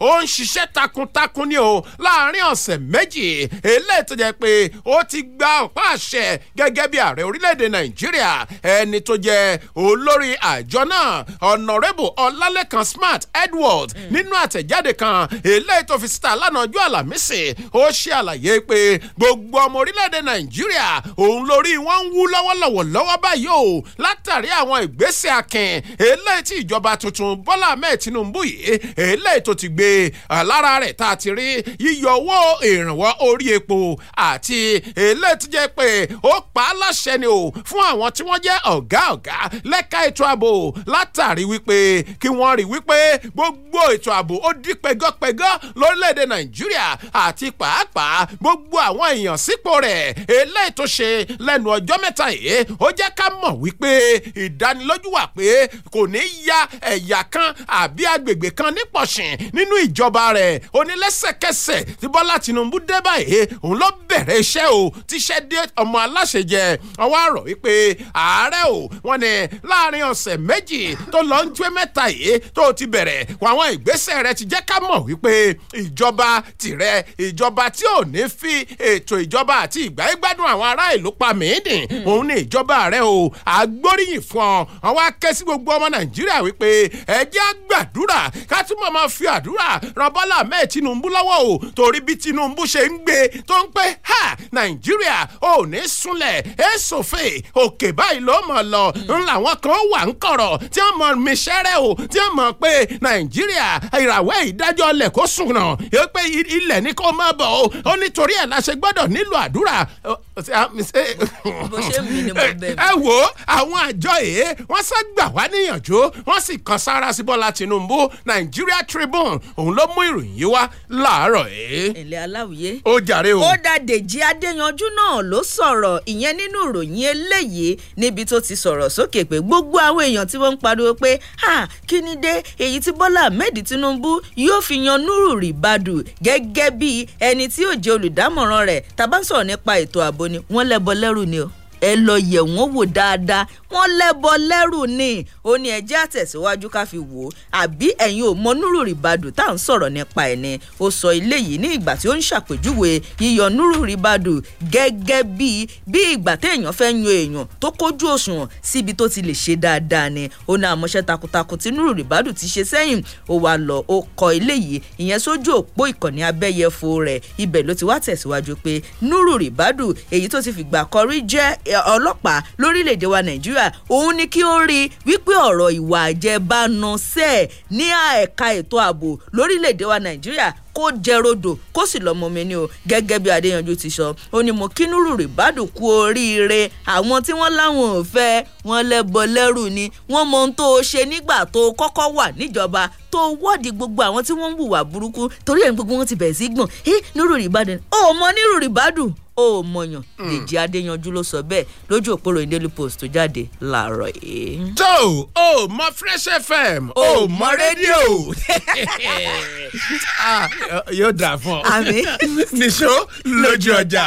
Speaker 3: ó ń ṣiṣẹ́ takuntakun ni o láàrin ọ̀sẹ̀ méjì eléyìí tó jẹ́ pé ó ti gba ọ̀pá àṣẹ gẹ́gẹ́ bí ààrẹ orílẹ̀-èdè Nàìjíríà ẹni tó jẹ́ olórí àjọ náà ọ̀nàrẹ́bù Ọlálẹ́kan Smart Edward hmm. nínú àtẹ̀jáde kan eléyìí tó fi síta lánàá ọjọ́ àlàmísì ó ṣe àlàyé pé gbogbo ọmọ orílẹ̀-èdè Nàìjíríà òun lórí wọn ń wú lọ́wọ́lọ́wọ́ lọ́wọ́ báyìí o látàrí àwọn ìgbésẹ̀ akin eléyìí tí ìjọba tuntun bọ́lá ahmed tinubu yìí eléyìí tó ti gbé lára rẹ̀ tá a ti rí yíyọ owó ìrànwọ́ orí epo àti eléyìí tó jẹ́ pé ó pa á láṣẹ ni o fún àwọn tí wọ́n jẹ́ ọ̀gá ọ̀gá lẹ́ka ètò ààbò látàrí wípé kí wọ́n rí wípé gbogbo ètò ààbò ó dí pẹgọ́pẹgọ́ lórílẹ̀‐èdè nàìjíríà àti pàápàá gbogbo àwọn èèyàn sípò rẹ̀ eléyìí tó ṣe lẹ́nu ọjọ́ mẹ́ta yìí ó jẹ́ ká mọ̀ wípé ìdánilójú wà pé kò ní ya ẹ̀yà kan àbí agbègbè kan nípọ̀sìn nínú ìjọba rẹ̀ ó ní lẹ́sẹ̀kẹsẹ̀ tí Bọ́lá Tinubu dé báyìí òun ló bẹ̀rẹ̀ iṣẹ́ o tíṣẹ́ dé ọmọ aláṣẹ jẹ ọwọ́ àrọ̀ wípé ààrẹ o wọn ni láàrin ọ̀sẹ̀ méjì tó lọ ń jẹ́ mẹ́ta yìí tó ti bẹ̀rẹ̀ àwọn ìgbésẹ̀ rẹ ti jẹ́ ká mọ̀ wípé ìjọba tirẹ̀ ìjọba tí ò ní fi ètò ìjọba àti ìgbáyégbádùn àwọn ará ìlú pa mí dìn hmm. òun ni ìjọba rẹ o àgbóríyìn fún ọ wọn wá ké sí gbogbo ọmọ nàìjíríà wípé ẹ jẹ́ á gbàdúrà ká túmọ̀ máa fi àdúrà ran bọ́lá mẹ́ẹ̀ tinubu lọ́wọ́ o torí bí tinubu ṣe ń gbé tó ń pẹ́ ha nàìjíríà ò ní súnlẹ̀ ẹ sòfè òkè báyìí ló mọ̀ lọ ń làwọn kan wà ń kọ̀rọ̀ tí wọ́n mọ̀ mí ṣẹ́rẹ́ o tí wọ́n mọ̀ pé nàìjíríà ìràwẹ́ ìdájọ́ ilẹ̀ kó sùn náà yóò pé ilẹ̀ ní kó má bọ̀ o ó nítorí ẹ̀ la ṣe gbọ́dọ̀ nílò àdúrà ẹ wo àwọn àjọ yìí wọ́n sá gbà wá níyànjú wọ́n sì kan sára sí bọ́lá tinubu nigeria tribune òun ló mú ìròyìn yìí wá láàárọ̀ ẹ̀. ẹ̀lẹ́ aláwìyé. ó jàre o. ó dá dèjì adéyanjú náà ló sọ̀rọ̀ ìyẹn
Speaker 5: nínú ìròyìn eléyìí níbi tó ti sọ̀rọ̀ sókè pé gbogbo àwọn èèyàn tí wọ́n ń pariwo pé ha kí ni dé èyí tí bọ́lá ahmed tinubu yóò fi yan nuru ribadu gẹ́gẹ́ bí ẹni tí yóò jẹ́ olùdámọ̀ràn rẹ̀ tàbá ń sọ̀rọ̀ nípa ètò ààbò ni wọ́n lẹ́bọ lẹ́rù ni o ẹ lọ yẹ̀ wọ́n wò dáadáa wọ́n lẹ́bọ lẹ́rù ni ó ní ẹjẹ́ àtẹ̀síwájú ká fi wò ó àbí ẹ̀yin ò mọ Nururi Badu tá à ń sọ̀rọ̀ nípa ẹ̀ ni ó sọ ilé yìí ní ìgbà tí ó ń ṣàpèjúwe yíyọ Nururi Badu gẹ́gẹ́ bíi bí ìgbà téèyàn fẹ́ yan èèyàn tó kójú òṣùwọ̀n síbi tó ti lè ṣe dáadáa ni ó ní àmọ́ṣẹ́ takuntakun tí Nururi Badu ti ṣe sẹ́yìn ó wá lọ ó kọ ilé yìí ìyẹn sójú òpó ìkànnì abẹ́yẹfò rẹ̀ ibẹ̀ ló ti wá tẹ̀síwájú pé Nururi Badu èyí tó ti fìgbà kọrí jẹ́ ọlọ́pàá lórílẹ̀‐èdè wa nàìjíríà òun ni kí ó rí wípé ọ̀rọ̀ ìwà àjẹbánu sẹ́ẹ̀ ní ẹ̀ka ètò ààbò lórílẹ̀‐èdè wa nàìjíríà kó jẹ rodò kó sì lọmọ mi ni o gẹ́gẹ́ bí adéyanjú ti sọ ó ní mo kínúrù rìbádùn kú oríire àwọn tí wọ́n láwọn ò fẹ́ wọn lẹ́bọ lẹ́rù ni wọ́n mọ ohun tó o ṣe nígbà tó o kọ́kọ́ wà níjọba tó o wọ́ọ̀dì gbogbo àwọn tí wọ́n ń hùwà burúkú torí ẹ̀ ń gbogbo wọn ti bẹ̀rẹ̀ sí gbọ̀n ẹ́ nírú rìbádùn ó mọ nírú rìbádùn ó mọyàn hmm. dèjì adéyanjú ló sọ bẹ́ẹ̀ lójú òpóró ìdélé post tó jáde láàárọ̀ yìí. tó o mọ fresh
Speaker 3: fm o mọ rédíò ah, yóò dà fún ọ nìṣó lójú ọjà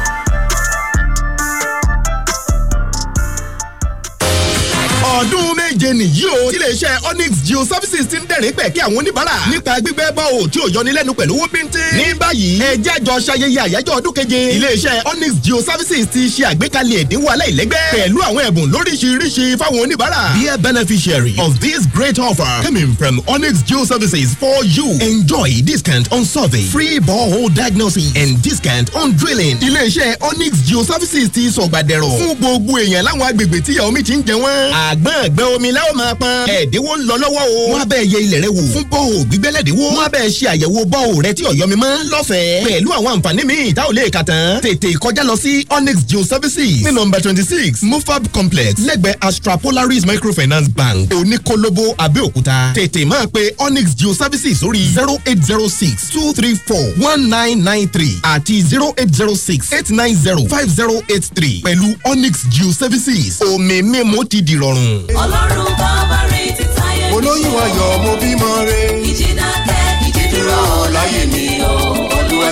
Speaker 1: ọdún méje nìyí o iléeṣẹ́ Onyx Geo Services ti ń dẹ̀rẹ́ pẹ̀ kí àwọn oníbàárà nípa gbígbẹ́ bọ́ọ̀ tí ò yọnilẹ́nu pẹ̀lú owó bíntín. ní báyìí ẹ àjọ ṣayẹyẹ àyájọ́ ọdún keje iléeṣẹ́ Onyx Geo Services ti ṣe àgbékalẹ̀ ẹ̀dínwó aláìlẹ́gbẹ́ pẹ̀lú àwọn ẹ̀bùn lóríṣiríṣi fáwọn oníbàárà. Dear beneficiary of this great offer coming from Onyx Geo Services for you enjoy discount on survey free borehole diagnosis and discount on drilling. iléeṣẹ́ Onyx Geo Services ti sọ̀gbàdẹ̀rọ̀ fún gbogbo èèyàn láwọn agbègbè tíyàwó mi ti ń jẹ wọ́n. àg ṣùgbọ́n ẹ̀gbẹ́ omi la ó máa pọn. ẹ̀dínwó ń lọ lọ́wọ́ o. wọ́n á bẹ̀ yẹ ilẹ̀ rẹ wò. fún bọ́ọ̀ gbígbẹ́lẹ̀dínwó. wọ́n á bẹ̀ ṣe àyẹ̀wò bọ́ọ̀ rẹ tí ọ̀yọ́ mi mọ́ lọ́fẹ̀ẹ́. pẹ̀lú àwọn àǹfààní míì tá ò lè kà tán. tètè kọjá lọ sí Onyx Geo Services ní nọ́mbà twenty six Mufab Complex lẹ́gbẹ̀ẹ́ Astra Polaris Microfinance Bank oníkólóbó Abẹ́òkúta. tètè máa pe Onyx Geo Services sórí zero eight zero six two three four one nine nine three àti zero eight zero six eight nine zero five zero eight three pẹ̀lú Onyx Geo Services omi mímu ti dìrọ̀rùn
Speaker 9: ọlọ́run bàbá rẹ̀ ti táyé mi ṣe olóyún ayọ̀ mo bímọ re ìjìdá tẹ
Speaker 2: ìjìdúró láyé mi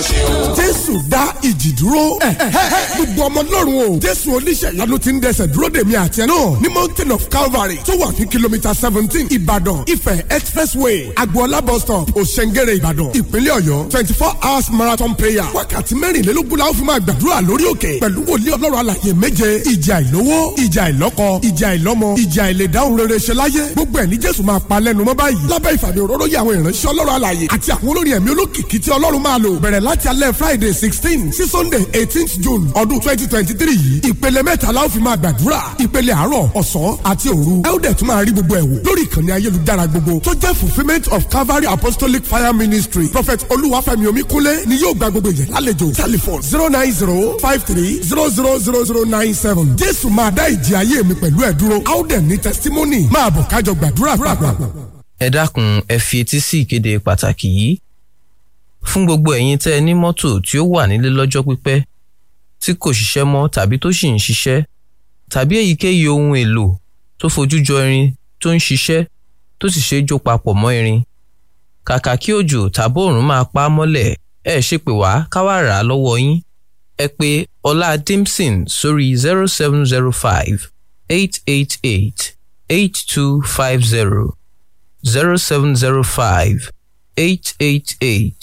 Speaker 2: máa ṣe o.
Speaker 8: jésù dá ìjì dúró. gbogbo ọmọ lọ́rùn o. jésù oníṣẹ́yanu ti ń dẹsẹ̀ dúró dèmi àti ẹ̀ náà ní mountain of calvary tó wà ní kìlómítà seventeen ìbàdàn ìfẹ́ expressway agboola bus stop òṣèǹgẹ̀rẹ̀ ìbàdàn ìpínlẹ̀ ọ̀yọ́ twenty four hours marathon prayer wákàtí mẹ́rìnlélógún la ó fi máa gbàdúrà lórí òkè pẹ̀lú wòlíì ọlọ́run alàyè méje ìjà ìlówó ìjà ìlọ́kọ ìjà ìlọ́mọ ìjà ìlẹ̀dáhùn rere ṣe láyé gbogbo ẹ̀ ní jésù máa pa lẹ́nu mọ́ báyìí lábẹ́ ìfàmì òróró yẹ àwọn ìránṣẹ́ ọlọ́run alàyè àti àwọn olórin ẹ̀mí olókìkí tí ọlọ́run máa lò bẹ̀rẹ̀ láti alẹ́ friday sixteen sí sunday eighteenth june ọdún twenty twenty three yìí ìpele mẹ́ta la ó fi máa gbàdúrà ìpele àárọ̀ ọ̀sán àti òru ẹ ó dẹ̀ tún máa rí gbogbo ẹ̀ lórí ìkànnì ayélujára gbogbo tó jẹ́ fulfilment of calvary apostolic fire ministry prophet olúwàfẹ́mi omíkúnlé ni yóò gba gbogbo yẹn lálejò telephone zero nine zero five three zero zero zero zero nine seven jésù máa dá ìjì ayé mi pẹ̀lú ẹ̀ dúró a ó ní testimony máa bọ̀ kájọ gbàdúrà papọ̀.
Speaker 7: ẹ dákun ẹ fi etí sí ìkéde pàtàkì yìí fún gbogbo ẹ̀yin tẹ́ ẹ ní mọ́tò tí ó wà nílé lọ́jọ́ pípẹ́ tí kò ṣiṣẹ́ mọ́ tàbí tó sì ń ṣiṣẹ́ tàbí èyíkéyìí ohun èlò tó fojú jọ irin tó ń ṣiṣẹ́ tó sì ṣe é jó papọ̀ mọ́ irin kàkà kí òjò tàbí òòrùn máa pa á mọ́lẹ̀ ẹ ṣe pé wá ká wá rà á lọ́wọ́ yín ẹ pé ọlá dimson sórí zero seven zero five eight eight eight eight two five zero zero seven zero five eight eight eight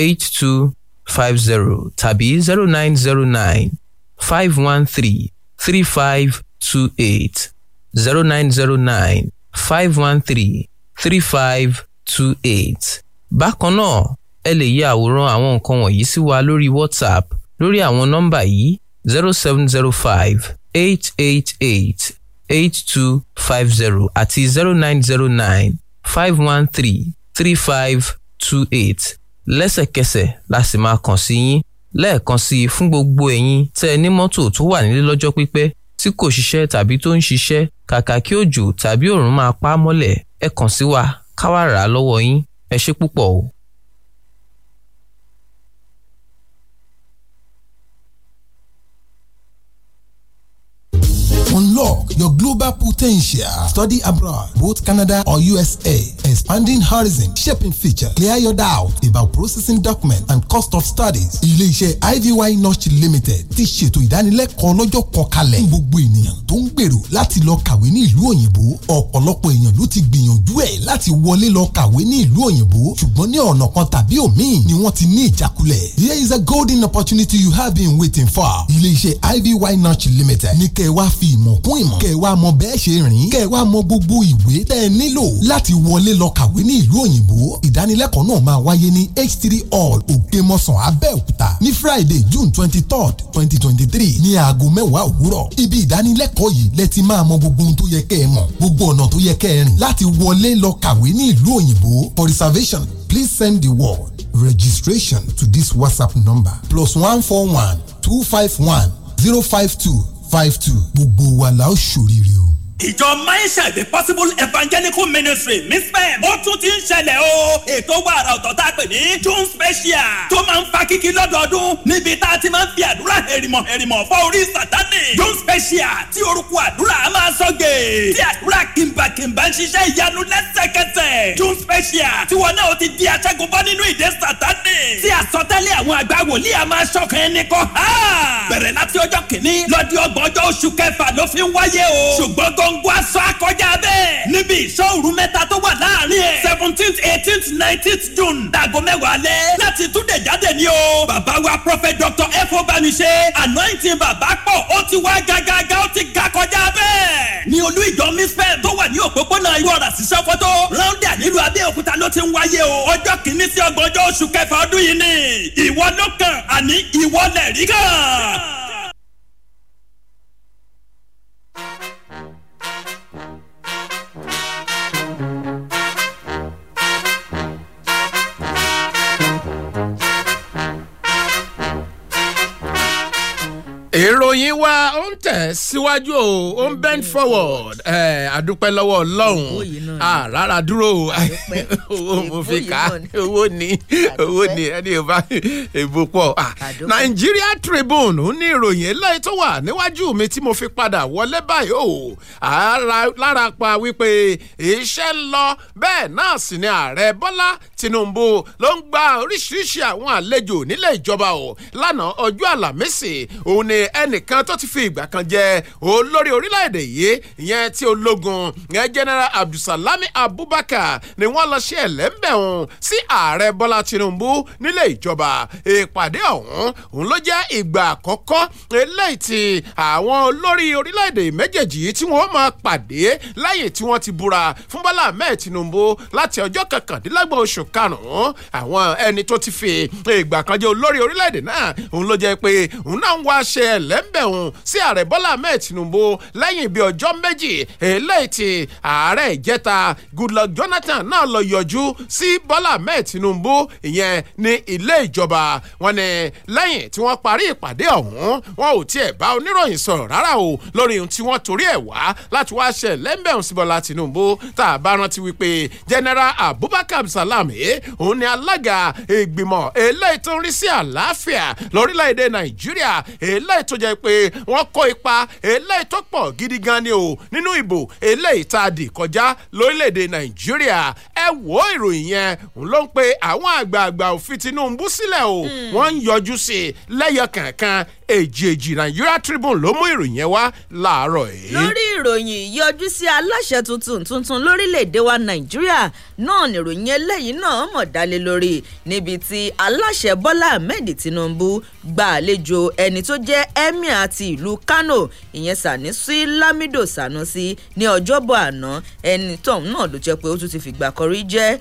Speaker 7: eight two five zero tàbí zero nine zero nine five one three three five two eight zero nine zero nine five one three three five two eight. bákan náà ẹ lè ya àwòrán àwọn nǹkan wọ̀nyí sí wa lórí WhatsApp lórí àwọn nọ́mbà yìí zero seven zero five eight eight eight eight two five zero àti zero nine zero nine five one three three five two eight lẹ́sẹ̀kẹsẹ̀ la sì máa kàn sí yín lẹ́ẹ̀kan sí i fún gbogbo ẹ̀yin tẹ́ ẹ ní mọ́tò tó wà nílé lọ́jọ́ pípẹ́ tí kò ṣiṣẹ́ tàbí tó ń ṣiṣẹ́ kàkà kí òjò tàbí òòrùn máa pa á mọ́lẹ̀ ẹ sí wa ká rà á lọ́wọ́ yín ẹ ṣé púpọ̀ o.
Speaker 9: Unlock your global potential. Study abroad, both Canada or USA. Expanding horizon, shaping future. Clear your doubt about processing documents and cost of studies. Ilé-iṣẹ́ IVY Notch Limited ti ṣètò ìdánilẹ́kọ̀ọ́ lọ́jọ́ kan kalẹ̀. Fún gbogbo ènìyàn tó ń gbèrò láti lọ kàwé ní ìlú òyìnbó. Ọ̀pọ̀lọpọ̀ èèyàn ló ti gbìyànjú ẹ̀ láti wọlé lọ kàwé ní ìlú òyìnbó. Ṣùgbọ́n ní ọ̀nà kan tàbí òmíì ni wọ́n ti ní ìjákulẹ̀. Here is a golden opportunity you have been waiting for. Ilé-iṣẹ́ IVY Notch Limited ní kẹ́ wá fi ìmọ̀ kún ìmọ̀ kẹ́ ẹ wá mọ bẹ́ẹ̀ ṣe rìn kẹ́ ẹ wá mọ gbogbo ìwé tẹ́ ẹ nílò láti wọlé lọ kàwé ní ìlú òyìnbó ìdánilẹ́kọ̀ọ́ náà máa wáyé ní h3 hall òkèmọ́sán abẹ́òkúta ní friday june twenty third twenty twenty three ní aago mẹ́wàá òwúrọ̀ ibi ìdánilẹ́kọ̀ọ́ yìí lẹ ti máa mọ gbogbo ohun tó yẹ kẹ́ ẹ mọ̀ gbogbo ọ̀nà tó yẹ kẹ́ ẹ rìn láti wọlé lọ kàwé ní ìlú òyìnbó for reservation please send the word registration to this whatsapp number plus one four one two five
Speaker 2: one zero five two five two gbogbo wa
Speaker 9: la ó ṣoríire
Speaker 2: o ìjọ mindshare the possible evangelical ministry misfem ó tún ti ń ṣẹlẹ̀ o ètò wàrà ọ̀tọ̀ tá a pè ní june special tó máa ń fa kíkí lọ́dọọdún níbi tá a ti máa ń fi àdúrà hẹ̀rìmọ̀ hẹ̀rìmọ̀ fọ́ orí sàtánì june special tí orúkọ àdúrà á máa sọ́gẹ̀ tí àdúrà kìmbàkìmbà ń ṣiṣẹ́ ìyanu lẹ́sẹ̀kẹsẹ̀ june special tí wọn náà ti di aṣẹ́gun bọ́ nínú ìdè sàtánì tí àsọtẹ́lẹ̀ àwọn àgbà wòlíì á máa ṣọkàn ẹni ha bẹ̀rẹ̀ láti ọjọ́ kìíní lọ́dí ọgbọ̀n ọjọ́ oṣù kẹfà o ṣùgbọ́n gbọ̀ngàn aṣọ akọjá bẹ́ẹ̀. níbi ìṣọ́òru mẹ́ta tó wà láàrin ẹ̀. seventeenth eighteenth nineteenth june dàgọ́ mẹ́wàá lẹ́. láti túnde jáde ni o. bàbá wa prophet dr f obanise anointing bàbá pọ̀ ó ti wá gágágá ó ti ga kọjá bẹ́ẹ̀. ní olú ìjọ misfem tó wà ní òpópónà ìwọ̀ra ṣiṣẹ́ fọ́tó. rounda nílùú abẹ́òkúta ló ti ń wáyé o. ọjọ́ kìíní sí ọgbọ̀njọ́ oṣù kẹfà ọdún yìí ni. ìwọ ló kàn àní ìwọ
Speaker 3: ìròyìn wa ó ń tẹ̀ síwájú o ó ń bend forward àdúpẹ́ lọ́wọ́ ọlọ́run rárá dúró owó mo fi kà á owó ni owó ni ẹni ìbá èbò pọ̀ Nigeria Tribune ní ìròyìn eléyìí tó wà níwájú mi tí mo fi padà wọlé báyìí o lára pa wípé iṣẹ́ ń lọ bẹ́ẹ̀ náà sì ni ààrẹ Bọ́lá Tinubu ló ń gba oríṣiríṣi àwọn àlejò nílé ìjọba o lánàá ọjọ́ àlàmísì òun ni ẹnìkan tó ti fi ìgbà kan jẹ olórí orílẹ̀-èdè yìí ìyẹn tí ológun ìyẹn general abdulsalami abubakar ni wọ́n lọ ṣe ẹlẹ́ńbẹ̀hún sí ààrẹ bọ́lá tinubu nílé ìjọba ìpàdé ọ̀hún òun ló jẹ́ ìgbà àkọ́kọ́ eléyìí ti àwọn olórí orílẹ̀-èdè méjèèjì tí wọ́n máa pàdé láyè tí wọ́n ti búra fún bọ́lá ahmed tinubu láti ọjọ́ kọkàndínlọ́gbọ̀n oṣù karùn-ún àwọn ẹni tó ti fi ìgbà kan jẹ olórí orílẹ̀-èdè náà òun ló jẹ́ pé òun náà ń wá ṣe ẹlẹ́ńbẹ̀ ọ̀hún sí ààrẹ bọ́lá ahmed tinubu lẹ́yìn bíi ọjọ́ méjì eléyìí ti ààrẹ ìjẹta goodluck jonathan náà lọ yọjú sí bọ́lá ahmed tinubu ìyẹn ní ilé ìjọba wọn ni lẹ́yìn tí wọ́n parí ìpàdé ọ̀hún wọn ò tiẹ̀ bá oníròyìn sọ̀rọ̀ rárá o lórí ohun tí wọ́n torí ẹ̀ wá láti wá ṣe lẹ́ńbẹ̀ ọ̀hún sí bọ́lá tinubu tá a bá rántí wípé general abubakar salami òun ni alága ìgbìmọ̀ eléyìí tó ń rí sí àlàáfíà lórílẹ̀‐èdè nàìjíríà eléyìí eléyìí tó jẹ́ pé wọ́n kó ipa eléyìí tó pọ̀ gidi gan ni o nínú ìbò eléyìí tá a dì kọjá lórílẹ̀ nàìjíríà ẹ wò ìròyìn yẹn òun ló ń pe àwọn àgbààgbà òfin tinubu sílẹ̀ o hmm. wọ́n ń yọjú sí i lẹ́yọ kankan èjì èjì Nigeria Tribune ló mú ìròyìn yẹn wá láàárọ̀ yìí. lórí ìròyìn yọjú sí aláṣẹ
Speaker 5: tuntun tuntun lórílẹ̀‐èdè wa nàìjíríà náà nìròyìn eléyìí náà mọ̀ dálé lórí níbi tí aláṣẹ bọ́lá ahmed tinubu gba àlejò ẹni tó jẹ́ emir ti ìlú kano ìyẹn sanusi lamido sanusi ní ọjọ́bọ̀ àná ẹni tóun náà ló jẹ́ pé ó tún ti fìgbà kọrí jẹ́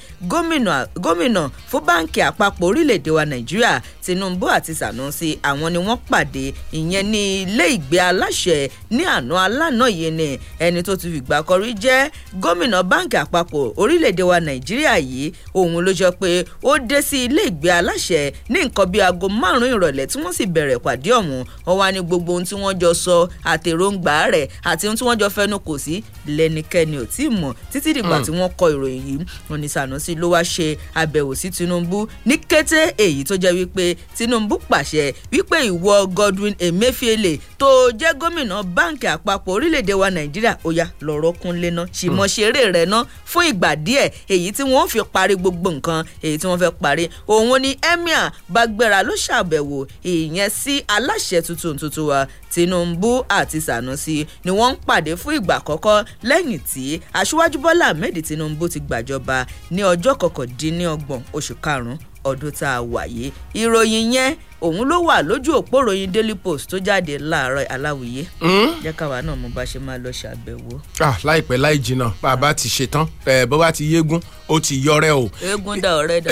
Speaker 5: gómìnà fún báǹkì àpapọ̀ orílẹ̀‐èdè wa nàìjíríà tinubu àti sanusi àwọn ni wọ́n pàdé ìyẹn ní ilé ìgbé aláṣẹ ní àná alánà yìí ni ẹni tó ti fìgbà kọrí jẹ́ gómìnà báǹkì àpapọ̀ orílẹ̀-èdè wa nàìjíríà yìí òun ló jọ pé ó dé sí ilé ìgbé aláṣẹ ní nǹkan bíi aago márùn-ún ìrọ̀lẹ́ tí wọ́n sì bẹ̀rẹ̀ pàdé ọ̀hún wọ́n wá ní gbogbo ohun tí wọ́n jọ sọ àtèròǹgbà rẹ̀ àti ohun tí wọ́n jọ fẹnu kò sí lẹ́nikẹ́ni ò tí ì mọ̀ títí dìgbà hmm. tí wọ́n kọ ìròyìn yìí wọ́n ló wá ṣe àbẹ̀wò sí tinubu ní kété èyí tó jẹ́ wípé tinubu pàṣẹ wípé ìwọ godwin emefiele tó jẹ́ gómìnà báǹkì àpapọ̀ orílẹ̀-èdè wa nàìjíríà ó yá lọ́rọ́ kúnlé ná ṣìmọ̀ṣeré hmm. rẹ̀ ná fún ìgbà díẹ̀ èyí tí wọ́n fi parí gbogbo nǹkan èyí tí wọ́n fẹ́ parí òun ni emir bagbera ló ṣàbẹ̀wò ìyẹn sí aláṣẹ tuntun tuntun wa tinubu àti sanusi ni wọ́n ń pàdé fún ìgbà àkọ́kọ́ lẹ́yìn tí aṣíwájú bọ́lá ahmed tinubu ti gbàjọba ní ọjọ́ kọkàndínlọ́gbọ̀n oṣù karùn ọdún tá a wà yìí ìròyìn yẹn òun ló wà lójú òpó ìròyìn daily post tó jáde láàárọ̀ aláwìyé hmm? jẹ́ káwa náà mo bá ṣe máa lọ ṣàbẹ̀wò.
Speaker 3: Ah, láìpẹ́ láì jìnnà bàbá ti ṣetán eh, bó ti yégún ó ti yọrẹ o. eégún da ọ̀rẹ́ dà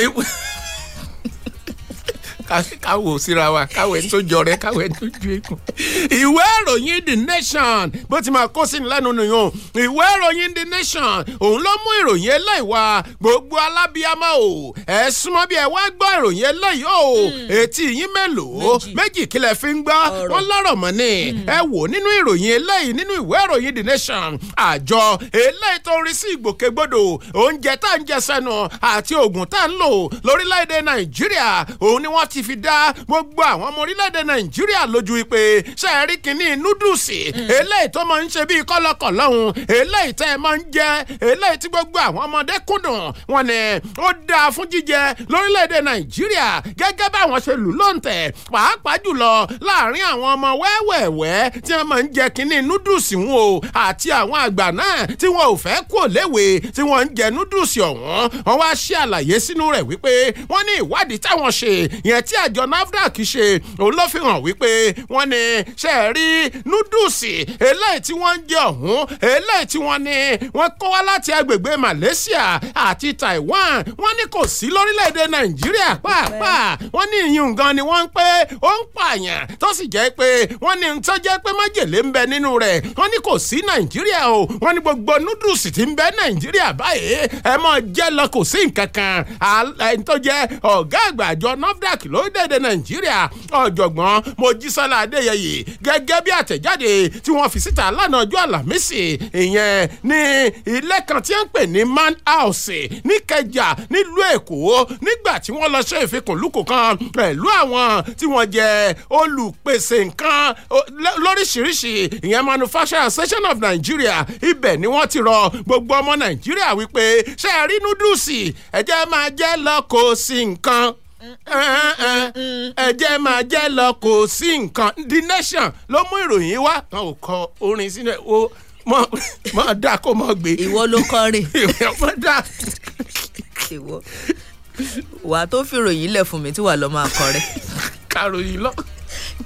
Speaker 3: káwọ síra wa káwọ tó jọ rẹ káwọ tó ju ikùn. ìwé ìròyìn the nation bó ti máa kó sí ni lẹ́nu nìyẹn ìwé ìròyìn the nation òun ló mú ìròyìn eléyìíwá gbogbo alábíàmọ́ o ẹ súnmọ́ bí ẹ wá gbọ́ ìròyìn eléyìí o hmm. etí yín mélòó méjì kílẹ̀ fi ń gbọ́ wọ́n lọ́rọ̀ mọ́ ni hmm. ẹ wò nínú ìròyìn eléyìí nínú ìwé ìròyìn the nation àjọ eléyìí tó ń rí sí ìgbòkègbodò oúnjẹ tá à ń jẹ sẹ́nu àti oògùn tá à ń lò lórílẹ̀‐èdè nàìjíríà òun ni wọ́n ti láti fi dá gbogbo àwọn ọmọ orílẹ̀-èdè nàìjíríà lójú wípé ṣe é rí kinní núdùsì hmm. eléyìí tó máa ń ṣe bíi kọ́lọ́kọ̀ lọ́hùn eléyìí tẹ́ ẹ máa ń jẹ eléyìí tí gbogbo àwọn ọmọdé kúndùn wọn ni ó dáa fún jíjẹ lórílẹ̀-èdè nàìjíríà gẹ́gẹ́ báwọn ṣe lù lóǹtẹ̀ pàápàá jùlọ láàrin àwọn ọmọ wẹ́wẹ̀wẹ́ tí wọ́n máa ń jẹ kinní núdùsì wọn o àti àwọn àgbà náà tí wọn ò fẹ́ kò léwe tí wọ́n ń jẹ núdùsì ọ̀hún wọ́n wá ṣe àlàyé sínú rẹ̀ wípé wọ́n ní ìwádìí táwọn ṣe yẹn tí àjọ nafdac ṣe òun ló fi hàn wípé wọ́n ní ṣe é rí núdùsì eléyìí tí wọ́n ń jẹ ọ̀hún eléyìí tí wọ́n ní wọ́n kó wá láti agbègbè malaysia àti taiwan wọ́n ní kò sí lórílẹ̀‐èdè nàìjíríà pàápàá wọ́n ní ìyún gan ni wọ́n ń pé ó ń pààyàn tó sì jẹ́ pé wọ́n ní tó jẹ́ pé májèlé ń bẹ nínú rẹ̀ wọ́n ní kò sí nàìjíríà o wọ́n ní gbogbo núdùsì ti ń bẹ nàìjíríà báyìí ẹ mọ̀ jẹ́ lọ kò sí nǹkan kan ẹni àgbà àjọ nafdac ló lórílẹ̀‐èdè nàìjíríà ọ̀jọ̀gbọ́n mojísọ́lá adéyẹyè gẹ́gẹ́ bí àtẹ̀jáde tí wọ́n fi síta lánàá ọjọ́ àlàmísì ìyẹn ní ilé kan tí wọ́n pè ní man house níkẹjà nílùú èkó nígbà tí wọ́n lọ ṣe ìfikùnlukùn kan pẹ̀lú àwọn tí wọ́n jẹ́ olùpèsè nǹkan lóríṣiríṣi ìyẹn manufacturing association of nigeria ibẹ̀ ni wọ́n ti rọ gbogbo ọmọ nàìjíríà wípé ṣe é rí núdùsì ẹ̀jẹ̀ máa jẹ́ lọ kò sí nǹkan ẹ̀jẹ̀ máa jẹ́ lọ kò sí nǹkan the nation ló mú ìròyìn yìí wá wọn ò kọ orin sínú ẹ̀ o mọ̀ dá kó mọ̀ gbé. ìwọ ló kọrin. ìwọ mọ̀ dá. ìwọ wàá tó
Speaker 5: fìròyìn lẹ̀ fún mi tí wàá lọ máa kọrin. kàròyìn lọ.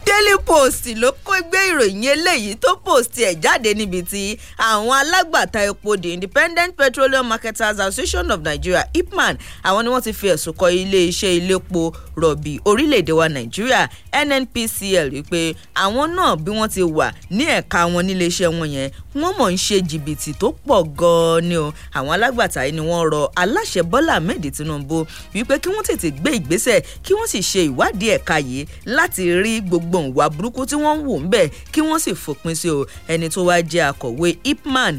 Speaker 5: Daily Post ló kó gbé ìròyìn eléyìí tó post ẹ̀ jáde níbi tí àwọn alágbàtà epo the Independent Petroleum Marketers Association of Nigeria IPMAN àwọn ni wọ́n ti fi ẹ̀sùn kọ iléeṣẹ́ iléepo rọ̀bì orílẹ̀ wa Nàìjíríà nnpcl wípé àwọn náà bí wọ́n ti wà ní ẹ̀ka wọn níléeṣẹ́ wọn yẹn wọ́n mọ̀ ń ṣe jìbìtì tó pọ̀ gan-an ni o àwọn alágbàtà yìí ni wọ́n rọ aláṣẹ bọ́lá ahmed tinubu wípé kí wọ́n tètè gbé ìgbésẹ̀ kí wọ́n sì ṣe ìwádìí ẹ̀ka yìí láti rí gbogbo ìwà burúkú tí wọ́n ń wò ń bẹ̀ kí wọ́n sì fòpin sí o ẹni tó wá jẹ́ akọ̀wé ipman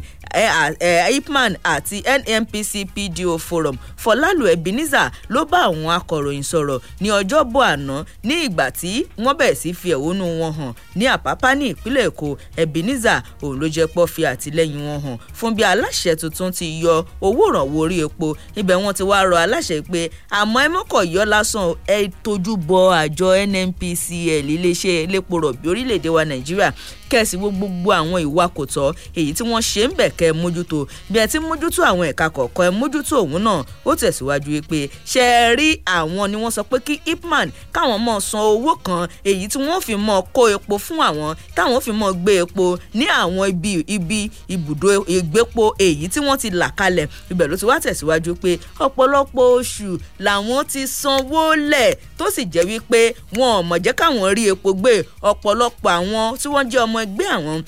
Speaker 5: ipman àti nnpc pdo forum fọlálù ebenezer ló bá àwọn akọ̀ròyìn sọ̀rọ̀ ní ọjọ́bọ̀ àná ní ìgbà tí wọ́n bẹ̀rẹ̀ sí fi ẹ̀hónú wọn hàn ní àpápá ní ìpínlẹ̀ èkó ebenezer òun ló jẹ́ pọ́ fi àtìlẹ́yìn wọn hàn fún bí aláṣẹ tuntun ti yọ owó ìrànwọ́ orí epo ibẹ̀ wọ́n ti wá rọ aláṣẹ pé àmọ́ ẹ mọ́kọ̀ yọ lásán ẹ tójú bọ àjọ nnpcl iléeṣẹ́ elépo rọ̀bì orílẹ̀-èdè wa nàìjíríà kẹ̀sì wo gbogbo àwọn ìwà kò tọ́ èyí tí wọ́n ṣe ń bẹ̀ kẹ́ ẹ mójútó bí ẹ ti mójútó àwọn ẹ̀ka kọ̀ọ̀kan ẹ mójútó òun náà ó tẹ̀síwájú pé ṣe é rí àwọn ni wọ́n sọ pé kí ipman káwọn mọ̀ san owó kan kan èyí tí wọ́n fi mọ́ kó epo fún àwọn táwọn fi mọ́ gbé epo ní àwọn ibi ibi ibùdó ìgbépo èyí tí wọ́n ti là kalẹ̀ ibẹ̀ ló ti wá tẹ̀síwájú pé ọ̀pọ̀lọpọ̀ oṣù làwọn ti sanwó lẹ̀ tó sì jẹ́ wípé wọn ò mọ̀ jẹ́ káwọn rí epo gbé ọ̀pọ̀lọpọ̀ àwọn tí wọ́n jẹ́ ọmọ ẹgbẹ́ àwọn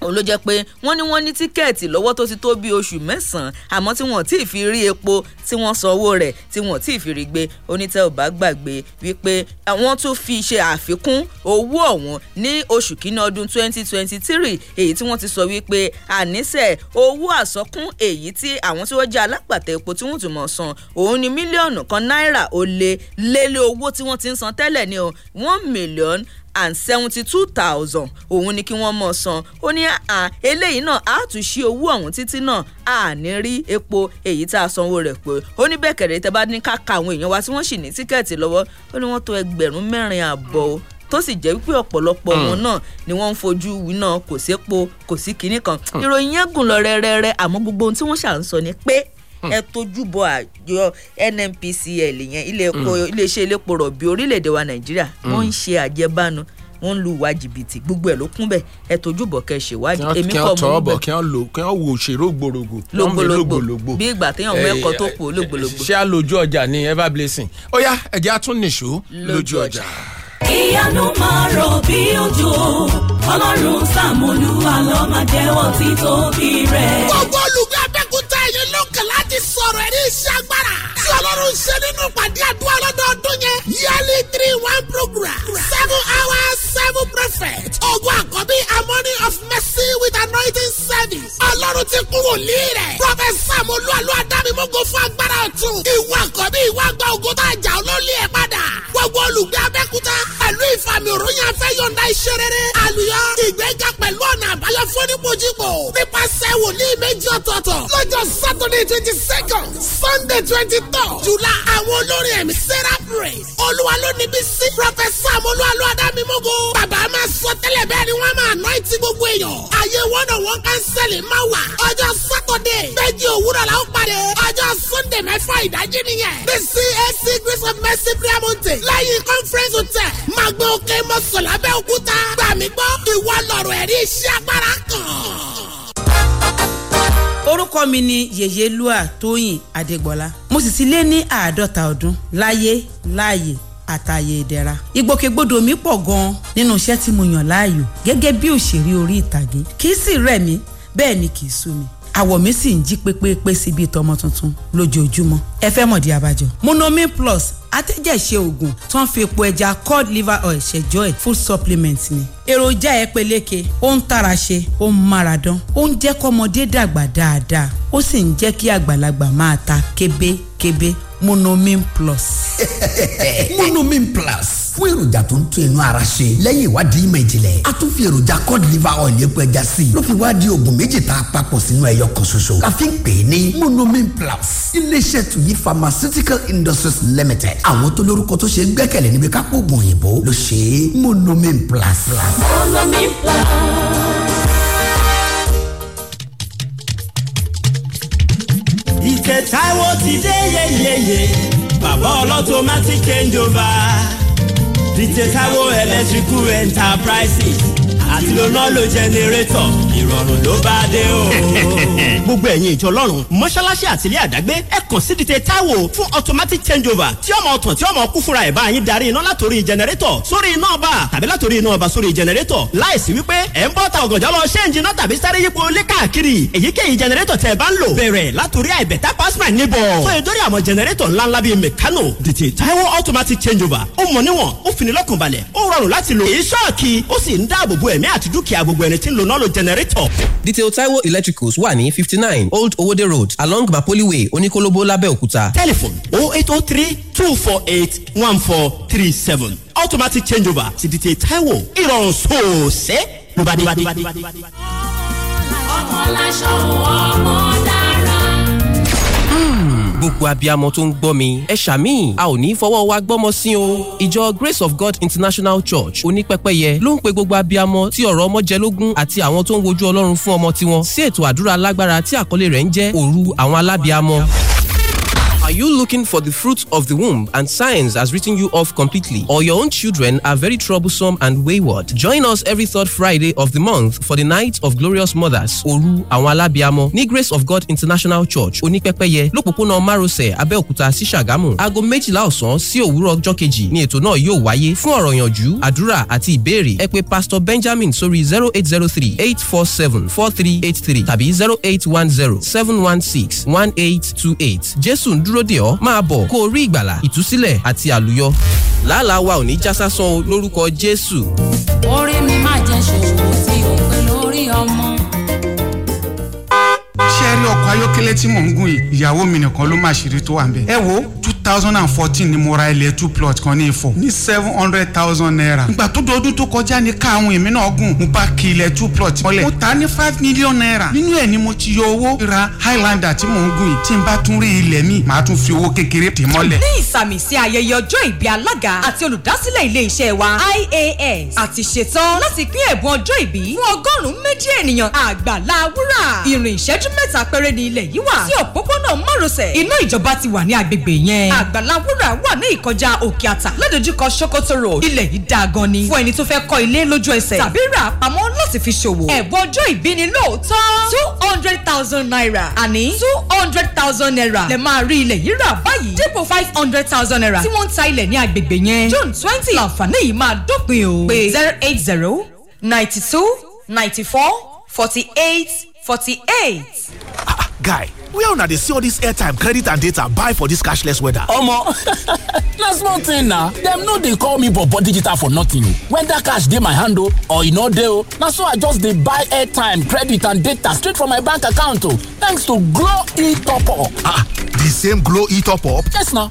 Speaker 5: òun ló jẹ́ pé wọ́n ní wọ́n ní tíkẹ́ẹ̀tì lọ́wọ́ tó ti tó bíi oṣù mẹ́sàn-án àmọ́ tí wọ́n tíì fi rí epo tí wọ́n san owó rẹ̀ tí wọ́n tíì fi rí gbé onítẹ̀ ò bá gbàgbé wípé wọ́n tún fi ṣe àfikún owó ọ̀hún ní oṣù kínní ọdún 2023 èyí tí wọ́n ti sọ wípé àníṣe owó àsọkún èyí tí àwọn tí wọ́n jẹ́ alápàtà epo tí wọ́n tún mọ̀ san òun ni mílíọ̀nù kan náírà ó lé lélé owó tí wọ́n ti ń san tẹ́lẹ̀ ní o one million and seventy two thousand òun ni kí wọ́n mọ̀ san ó ní eléyìí náà a tún ṣí owó ọ̀hún títí náà a ní rí epo èyí tá a sanwó rẹ̀ pé ó ní bẹ́ẹ̀ kẹ̀rẹ́ tẹ́ bá ní ká ka àwọn èèyàn wa tí wọ́n sì ní tíkẹ́ẹ̀tì lọ́wọ́ ó ní wọ́n tó ẹgbẹ̀rún mẹ́rin àbọ̀ o tó sì jẹ́ wípé ọ̀pọ̀lọpọ̀ hmm. wọn náà ni wọ́n ń fojú winá kò sépo kò sí kinní kan hmm. ìròyìn yẹn gùn lọ rẹ́rẹ́rẹ́ àmọ́ gbogbo ohun tí wọ́n ṣà ń sọ ni pé ẹ hmm. tójú bọ àjọ nnpcl yẹn iléeṣẹ́ hmm. elépo rọ̀bì orílẹ̀-èdè wa nàìjíríà hmm. wọ́n ń ṣe àjẹbánu wọ́n ń lu ìwà jìbìtì gbogbo ẹ̀ ló kún bẹ́ẹ̀ ẹ tójú bọ̀ kẹ́ ṣe wádìí èmi kọ́ mú bẹ́ẹ̀.
Speaker 3: kí wọ́n tọ́ kí wọ́n wo òṣèré ògbòrògbò lógbòlógbò bí ìgbà téèyàn mẹ́kọ̀ọ́ tó pò eh, lógbòlógbò. ṣé a lójú ọjà ni ever blessing ó yá ẹ̀jẹ̀ á tún nìṣó lójú ọjà ìyanu máa rọ̀ bí òjò
Speaker 4: ọlọ́run sàmúlùwà lọ́ọ́ máa jẹ́wọ́ títóbi rẹ̀. gbogbo olùgbé tọ́lọ́run ṣe nínú pàdé àdúrà lọ́dọọdún yẹn yearly three one program seven hours seven prophet ogun àkọ́bí a morning of mercy with anointing service ọlọ́run ti kúrò lé rẹ̀ prophet sam olúwalu adámímógó fún agbára ọ̀tún ìwọ àkọ́bí ìwọ àgbà ogun tó àjà olólè ẹ̀ padà gbogbo olùgbé abẹ́kúta pẹ̀lú ìfàmì òróyìn afẹ́yọ̀ǹda ìṣerere àlùyọ ìgbéga pẹ̀lú ọ̀nà àbáyọ fún àfojípò nípasẹ̀ wòlíì méjì ọ̀tọ̀ọ̀tọ̀ lọ́jọ́ sátọ́dẹ̀ twenty second sunday twenty third july àwọn olórin ẹ̀mí sarah praise olúwa ló ní bí sí pọfẹsà mọ́lúwalú adámímọ́gò bàbá máa sọ tẹ́lẹ̀ bẹ́ẹ̀ ni wọ́n máa ná ìtì gbogbo èèyàn àyè wọ́n wọn kánsẹ́lì máa wà ọjọ́ sátọ́dẹ̀ méjì òwúrọ̀ la ó parí ọjọ́ sunday mẹ́fà ìdájí nìyẹn the cac grace of mercy prayer mountain lẹ́yìn conference hotel màgbẹ́ òkè mọ́sọ̀lá bẹ́ẹ̀ òkúta gbàmígbọ́ ìwọ lọ̀rọ̀ ẹ̀rí iṣẹ́ agbára kan
Speaker 5: orúkọ mi ni yèyélúà tóyìn adégbọlá mo sì ti lé ní àádọ́ta ọdún láyé láàyè àtàyè ìdẹ̀ra ìgbòkègbodò mi pọ̀ gan-an nínú iṣẹ́ tí mo yàn láàyò gẹ́gẹ́ bí òṣèré orí ìtàgé kì í sì rẹ̀ mí bẹ́ẹ̀ ni kì í sú mi àwọ̀ mi sì ń jí pépépé síbi ìtọ́mọ tuntun lójoojúmọ́ ẹ fẹ́ mọ̀dí abájọ monomin plus atẹ́jẹ̀ṣe oògùn tí wọ́n fi epo ẹja cod liver oil ṣẹjọ́ ẹ̀ full supplement ni. èròjà ẹ̀ peléke ó ń tara ṣe ó ń maradán ó ń jẹ́ kọ́mọdé dàgbà dáadáa ó sì ń jẹ́ kí àgbàlagbà máa ta kébékébé monomin plus.
Speaker 2: monomin plus fún èròjà tó ń tún inú ara ṣe lẹ́yìn ìwádìí ìmọ̀ ìjìnlẹ̀ a tún fi èròjà cod liver oil epo ẹja sí i ló fi wá oògùn méjì tá a papọ̀ sínú ẹyọ kan ṣoṣo la fi ń pè é ní monomin plus iléeṣẹ́ tuyi pharmaceutical industries limited àwọn tó lórúkọ tó ṣe gbẹ́kẹ̀lé níbi kápò oògùn òyìnbó ló ṣe é monomin plus. monomin plus. ìtẹ̀tàwọ̀ ti dé yeyeye bàbá ọlọ́tọ̀ má ti change over dj taiwo electrical enterprises àti lọ́nà lo generator ìrọ̀rùn ló bá dé o.
Speaker 1: gbogbo ẹ̀yin ìjọ lọ́rùn mọ́ṣáláṣí àtìlẹ́ àdágbé ẹ kàn sí dìde táwò fún automatic changeover tí ọmọ ọ̀tàn tí ọmọ kú fúnra ẹ̀ bá yín darí iná látòrí jẹnẹrétọ̀ sórí iná ọba tàbí látòrí iná ọba sórí jẹnẹrétọ̀ láìsí
Speaker 2: wípé ẹ̀ ń bọ́ ta ọ̀gànjọ́ lọ ṣéǹjì náà tàbí sáré yípo lé káàkiri èyíkéyìí jẹnẹrétọ̀ tẹ̀ bá ń lò bẹ̀rẹ̀ látòrí àìbẹ̀tà pasman níbọ̀ tó yẹ dórí àwọn jẹnẹrétọ̀ ńláńlá bíi mẹ̀kánò dìtì táwọ̀
Speaker 1: automatic changeover ó mọ̀ níwọ̀n ó fi ní lọ́kànbalẹ̀ ó rọrùn láti lò èyí ṣọ́ọ̀kì ó sì ń dáàbòbo ẹ̀mí
Speaker 7: àti dúkìá gbogbo generator. detail taiwo electricals wà ní fifty nine old owode road along mapoli way oníkólóbó lábẹ́òkúta. telephone oh eight oh three two four eight one four three seven automatic changeover ti detail taiwo ìrọ̀rùn sóòsẹ́
Speaker 1: ló bá
Speaker 4: ọmọ
Speaker 7: gbogbo abiyamọ tó ń gbọ́ mi ẹ ṣàmì a ò ní fọwọ́ wa gbọ́mọ sí o. ìjọ Grace of God International Church onípẹ́pẹ́yẹ ló ń pe gbogbo abiyamọ tí ọ̀rọ̀ ọmọ jẹ lógún àti àwọn tó ń wojú Ọlọ́run fún ọmọ tiwọn sí ètò àdúrà lágbára tí àkọlé rẹ̀ ń jẹ́ òru àwọn alábiyamọ. Are you looking for the fruit of the womb and science has written you off completely? Or your own children are very troublesome and wayward? Join us every third Friday of the month for the Night of Glorious Mothers, Oru Awala Alábíamọ, Negress of God International Church, Onípẹ́pẹ́yẹ, lópòpónà Márosẹ̀, Abeokuta, sí Ṣàgámù. Aago méjìlá ọ̀sán sí òwúrọ̀ ọjọ́ kejì ni ètò náà yóò wáyé. Fún ọ̀rọ̀ yànjú, àdúrà àti ìbéèrè, ẹ pe Pastor Benjamin sórí zero eight zero three eight four seven four three eight three tàbí zero eight one zero seven one six one eight two eight. Jésù ń dúró dúró dè máa bọ̀ kó o rí ìgbàlà ìtúsílẹ̀ àti àlùyọ làálàá wa ò ní já sásán o lórúkọ Jésù.
Speaker 5: orí mi máa jẹ ṣòwò tí òun pè lórí ọmọ
Speaker 6: ayọ́kẹ́lẹ́ tí mò ń gùn yìí ìyàwó mi nìkan ló máa ṣeré tó wà ń bẹ̀. ẹ wo two thousand and fourteen ni mo ra ilẹ̀ two plot kan ní Ifọ̀ ní seven hundred thousand naira. ìgbà tó dọdún tó kọjá ni káàwọn èmi náà gùn mo bá kí ilẹ̀ two plot mọ́lẹ̀. mo ta ní five million naira nínú ẹ̀ ni mo ti yọ owó ra Highlander tí mò ń gùn yìí tí n bá tún rí ilẹ̀ mi màá tún fi owó kékeré tì mọ́lẹ̀. ní ìsàmì sí ayẹyẹ ọjọ́
Speaker 5: ìbí alága àti olùdásílẹ̀ ilé iṣẹ́ wa IAS àti ṣetán láti pín ẹ̀bùn ọjọ́ ìbí fún ọgọ́rùn-ún méjì ilẹ̀ yìí wà sí òpópónà márosẹ̀ iná ìjọba ti wà ní agbègbè yẹn àgbàlá wúrà wà ní ìkọjá òkè àtà lódojúkọ sokoto road ilẹ̀ yìí dáa gan ni fún ẹni tó fẹ́ kọ́ ilé lójú ẹsẹ̀ tàbí rà pamọ́ láti fi ṣòwò ẹ̀bùn ọjọ́ ìbí lóòótọ́ two hundred thousand naira àní two hundred thousand naira lè máa rí ilẹ̀ yìí rà báyìí dípò five hundred thousand naira tí wọ́n ń ta ilẹ̀ ní agbègbè yẹn june twenty làǹfààní yìí máa dópin o pé zero eight zero ninety two ninety four forty eight forty eight
Speaker 1: guy where una dey see all dis airtime credit and data buy for this cashless weather. omo na small thing na dem no dey call me bobo digital for nothing whether cash dey my hand o or e no dey o na so i just dey buy airtime credit and data straight from my bank account o thanks to glo e top up. ah the same glo e top up. yes na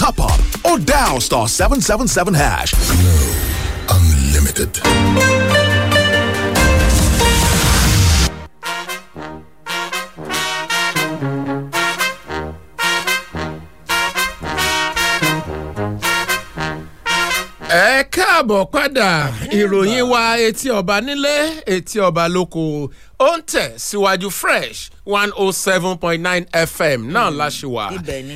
Speaker 1: top up or dial star 777 hash. Glow Unlimited.
Speaker 3: ẹ káàbọ̀ padà ìròyìn wa etí ọba nílé etí ọba lóko ó ń tẹ̀ síwájú fresh one oh seven point nine fm náà hmm. la ṣe wà.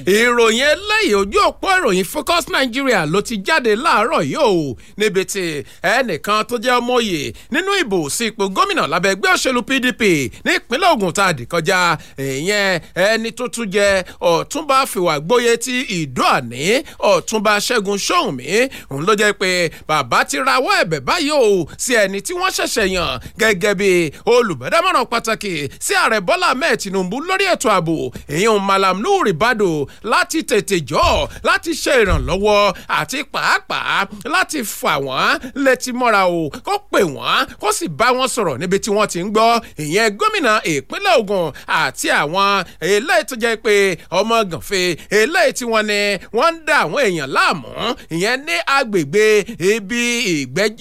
Speaker 3: ìròyìn eléyìí ojú òpó ìròyìn focus nigeria ló ti jáde láàárọ̀ yìí o níbi tí ẹnìkan tó jẹ́ ọmọye nínú ìbò sí ipò gómìnà lábẹ́ ẹgbẹ́ òṣèlú pdp nípínlẹ̀ ogun tá a dì kọjá ìyẹn ẹni tó tún jẹ́ ọ̀túnba fìwàgbóye ti ìdó àní ọ̀túnba ṣẹ́gun ṣóhùnmí òun ló jẹ́ pé bàbá ti rawọ́ ẹ̀bẹ̀ báyìí o sí ẹni tí wọ́n ṣẹ̀ṣẹ̀ yàn gẹ́gẹ́ bí olùbẹ̀d olùdámọ̀ràn pàtàkì sí ààrẹ bọ́lá ahmed tinubu lórí ètò ààbò èèyàn malam nuhu ribado láti tètè jọ láti ṣe ìrànlọ́wọ́ àti pàápàá láti fà wọ́n létí mọ́ra o kó pè wọ́n kó sì bá wọn sọ̀rọ̀ níbi tí wọ́n ti ń gbọ́ ìyẹn gómìnà ìpínlẹ̀ ogun àti àwọn eléyìí tó jẹ́ pé ọmọ gànfẹ́ eléyìí tí wọ́n ní wọ́n ń dá àwọn èèyàn láàmú ìyẹn ní agbègbè ibi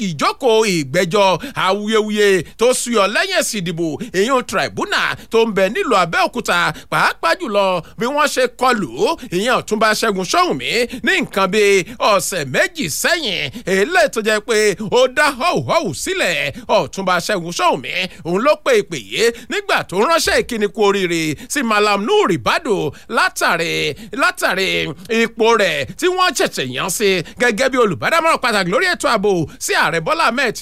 Speaker 3: ìjókòó ìgbẹ́jọ́ awuyewuye tó suyọ lẹ́yìn èsì ìdìbò ìdìbò èyàn tribunal tó ń bẹ nílùú abẹ́òkúta pàápàá jùlọ bí wọ́n ṣe kọlù ìyẹn ọ̀túnba ṣẹ́gun sọ́hùnmí ní nǹkan bíi ọ̀sẹ̀ méjì sẹ́yìn èlé tó jẹ́ pé ó dá họ́wùhọ́wù sílẹ̀ ọ̀túnba ṣẹ́gun sọ́hùnmí òun ló pè pè yé nígbà tó ránṣẹ́ ìkíni kú oríire sí malam nuri bado látàrí látàrí ipò rẹ̀ tí wọ́n ṣẹ̀ṣẹ̀ yàn sí gẹ́gẹ́ bí olùbádámọ̀ràn pàtàkì lórí ètò ààbò sí ààrẹ bọ́lá ahmed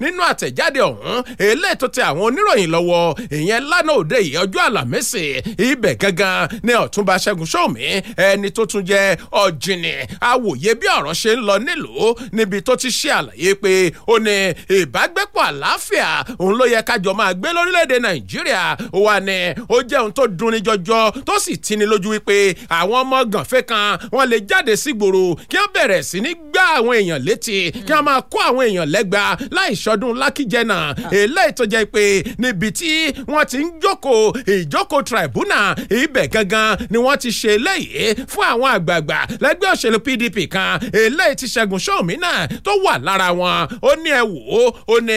Speaker 3: nínú àtẹ̀jáde ọ̀hún èlé tó tẹ àwọn oníròyìn lọ́wọ́ ìyẹn lánàá òde yìí ọjọ́ àlàmísì ibẹ̀ gangan ni ọ̀túnba ṣẹ́gun ṣọ́ọ̀mí ẹni tó tún jẹ́ ọ̀jìnì awòye bí ọ̀rọ̀ ṣe ń lọ nílùú níbi tó ti ṣe àlàyé pé ó ní ìbágbépọ̀ àlàáfíà òun ló yẹ kájọ máa gbé lórílẹ̀‐èdè nàìjíríà wà ní ó jẹ́ ohun tó dunni jọjọ tó sì tini lójú wípé àwọn ọmọ gànfẹ́ kan wọ́n lè jáde sígboro kí wọ́n bẹ̀rẹ̀ sí ní gbá àwọn èèyàn létí kí wọ́n máa kó àwọn èèyàn lẹ́gba láì ṣọdún lákìjẹ náà èlé ah. ìtọ́jẹ́ pé níbi tí wọ́n ti ń jókòó ìjókòó tribunal ibẹ̀ gangan ni wọ́n ti ṣe eléyìí fún àwọn àgbààgbà lẹ́gbẹ́ òṣèlú PDP kan eléyìí ti Ṣẹ́gun Ṣómi náà tó wà lára wọn ó ní ẹ wò ó ó ní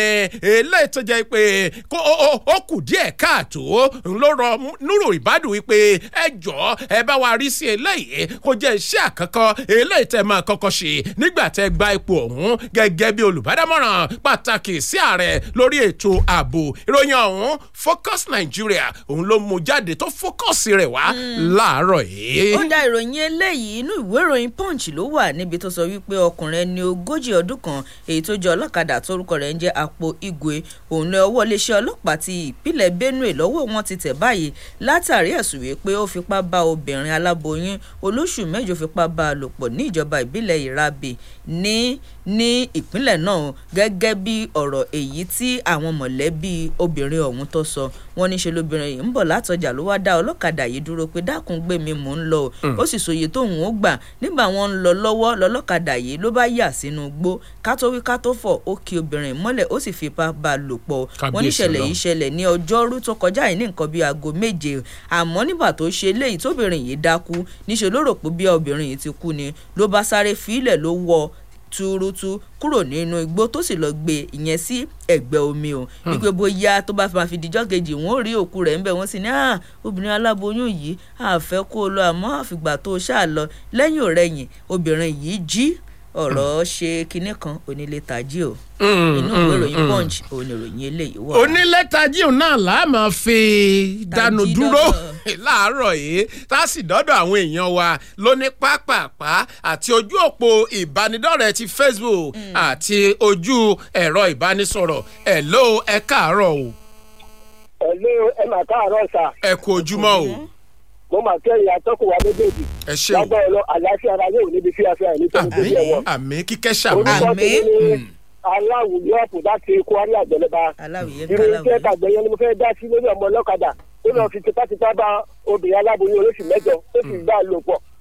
Speaker 3: eléyìí tó jẹ́ pé ó kù díẹ̀ káàtó ló rọ Nuru Ibadu wípé ẹ jọ̀ọ́ ẹ bá wa rí sí eléyìí kó jẹ́ iṣẹ́ àkọ́kọ́ eléyìí tẹ́ máa kọ́kọ́ ṣe nígbà tẹ́ gba ipò ọ̀hún gẹ́gẹ́ bí olùbádámọ̀ràn pàtàkì sí ààrẹ lórí ètò ààbò ìró ìròyìn ọ̀hún focus Nigeria òun ló mú jáde tó focus rẹ̀ wá hmm. láàárọ̀ yìí. ó ń da ìròyìn eléyìí inú ìwé ìròyìn punch ló wà níbi tó sọ
Speaker 5: wípé ọkùnrin ẹni ogójì ọdún kan èyí tó jẹ́ ọlọ́kadà tórúkọ rẹ̀ ń jẹ́ àpò igwe òun lọ ọwọ́ iléeṣẹ́ ọlọ́pàá ti ìpínlẹ̀ Benue lọ́wọ́ wọn ti tẹ̀ báyìí látàrí ẹ̀sùn wípé ó fipá bá obìnrin aláboyún olóṣù mẹ́jọ fipá bá a lò pọ̀ ní ìjọba ìbílẹ̀ Ìrabè ní ní ìpínlẹ̀ náà gẹ́gẹ́ bí ọ̀rọ̀ èyí tí àwọn mọ̀lẹ́bí ob obìnrin ọ̀hún tó sọ wọn níṣe lóbìnrin yìí ń bọ̀ látọjà ló wá dá ọlọ́kadà yìí dúró pé dákun gbé mi mò ń lọ hmm. ó sì sòye tóun ó gbà nígbà wọn ń lọ lọ́wọ́ lọ́lọ́kadà yìí ló bá yà sínú gbó kátó wí kátó fọ̀ ó ki obìnrin mọ́lẹ̀ ó sì fipá bá lò pọ̀ wọn níṣẹ̀lẹ̀ yìí ṣẹlẹ̀ ní ọjọ́rú tó kọjá yìí ní nǹkan bíi aago méje àmọ́ nígbà tó ṣe léyìí tóbìnrin yìí dákú níṣe ló rò pé bí obìnrin yìí ti kú ni ló bá sáré fílẹ̀ ló wọ túrútú kúrò nínú igbó tó sì lọ gbé ìyẹn sí ẹ̀gbẹ́ omi o hmm. wípé bóyá tó bá máa fi dijọ́ kejì wọn ò rí òkú rẹ̀ ńbẹ̀ wọ́n sì ní ah, obìnrin aláboyún yìí àfẹ́ kó o lọ àmọ́ àfìgbà tó o ṣáà lọ lẹ́yìn ọ̀rẹ́yìn obìnrin yìí jí ọ̀rọ̀ hmm. ṣe kinní kan onílé tají o hmm, inú hmm, ìwé ìròyìn punch òun ni ìròyìn eléyìí
Speaker 3: wà. onílé tají náà là á máa fi dànù dúró láàárọ̀ yìí tá a sì dọ́dọ̀ àwọn èèyàn wa lóní pápápá àti ojú òpó ìbánidọ́rẹ̀ẹ́ ti facebook àti ojú ẹ̀rọ ìbánisọ̀rọ̀ ẹ̀ ló ẹ káàárọ̀ o. ẹ ló ẹ mà káàárọ̀ sà. ẹ kú ojúmọ́ o. Mm -hmm
Speaker 2: mo máa kẹ́yìn atọ́kùn wa méjèèjì. ẹ ṣe o lágbára lọ àlàáfíà ara yóò níbi tí a àìní tó níbi ẹ̀wọ̀n.
Speaker 3: àmín kíkẹ́ sàmì. àmín hmm.
Speaker 2: aláwùjọ àpòdá ti kwari àgbẹ̀lẹ́ba. ìròyìn tàgbẹ̀yẹ ni mo fẹ́ dá sí lórí ọmọ ọlọ́kadà ó lọ fi tipátipá bá obìnrin aláboyún olóṣù mẹ́jọ ó sì gbá hmm. a lò pọ̀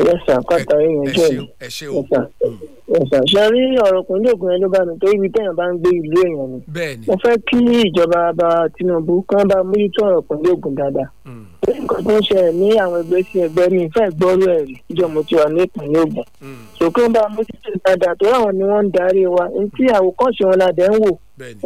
Speaker 3: ẹ̀sà pátá èèyàn jẹ́ ẹ̀sà
Speaker 7: ẹ̀sà ṣe rí ọ̀rọ̀ pínlẹ̀ Ògùn yẹn ló bá mi tó ibi téèyàn bá ń gbé ìlú èèyàn ni mo fẹ́ kí ìjọba bá Tinubu kán bá mójútó ọ̀rọ̀ pínlẹ̀ Ògùn dáadáa mm torí nǹkan tó ń ṣẹlẹ̀ ní àwọn ẹgbẹ́ sí ẹgbẹ́ mi ìfẹ́ gbọ́rú ẹ̀ rí ìjọ mo ti wà ní ìpínlẹ̀ Ògùn ṣòkè hmm. ń bá mójútó dáadáa tó ráwọn ni wọ́n ń darí wa ní tí àwòkọ́ṣe wọn la dẹ̀ ń wò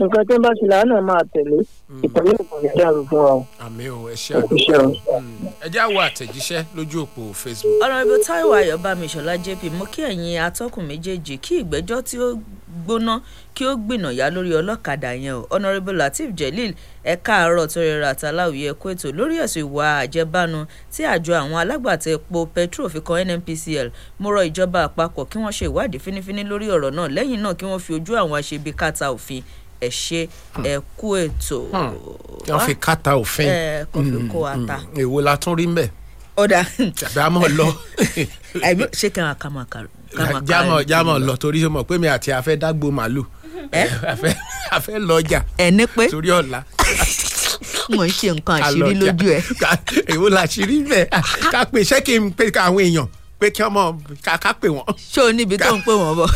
Speaker 7: nǹkan tó ń bá ṣe làánà
Speaker 3: máa tẹ̀lé hmm. ìpínlẹ̀ Ògùn yẹn dàrú fún wa o. àmì o ẹ ṣe àdúgbò
Speaker 8: hmm. ẹ
Speaker 5: jẹ́
Speaker 3: àwọ̀ àtẹ̀jíṣẹ́ lójú òpó Facebook.
Speaker 5: Honorable Táíwò Ayọ̀bámi Ṣọlá JP mo kí ẹ̀yin atọ́kùn méjèèjì kí ìgbẹ́jọ́ tí ó gbóná kí ó gbìnàyà lórí ọlọ́kadà yẹn o honourable lateef jelil ẹ̀ka àárọ̀ torera àtàláwìyẹ ẹ̀kọ́ ètò lórí ẹ̀sùn ìwà àjẹbánu tí àjọ àwọn alágbàtà epo petro fi kan nnpcl mo rọ ìjọba àpapọ̀ kí wọ́n ṣe ìwádìí fínífíní lórí ọ̀rọ̀ náà lẹ́yìn náà kí wọ́n fi ojú àwọn aṣebi kàtà òfin ẹ ṣe hmm. ẹ kú ètò. Hmm.
Speaker 3: wọ́n fi kàtà òfin ẹ ata. Hmm. èwo la tún rí mbẹ. ó dà. tàbí lọ. ṣé kí n jámọ̀ jámọ̀ lọ torí ṣe mọ̀ pé mi àti afẹ́ dágbò màálù afẹ́ lọ́jà ẹni pé torí ọ̀la mo ń ṣe nǹkan àṣírí lójú ẹ. èwo làṣírí bẹ́ẹ̀ ká pè ṣé kí n pè àwọn èèyàn pé kí ọmọ ká pè wọ́n. ṣé o níbi tó ń
Speaker 5: pè wọ́n bọ̀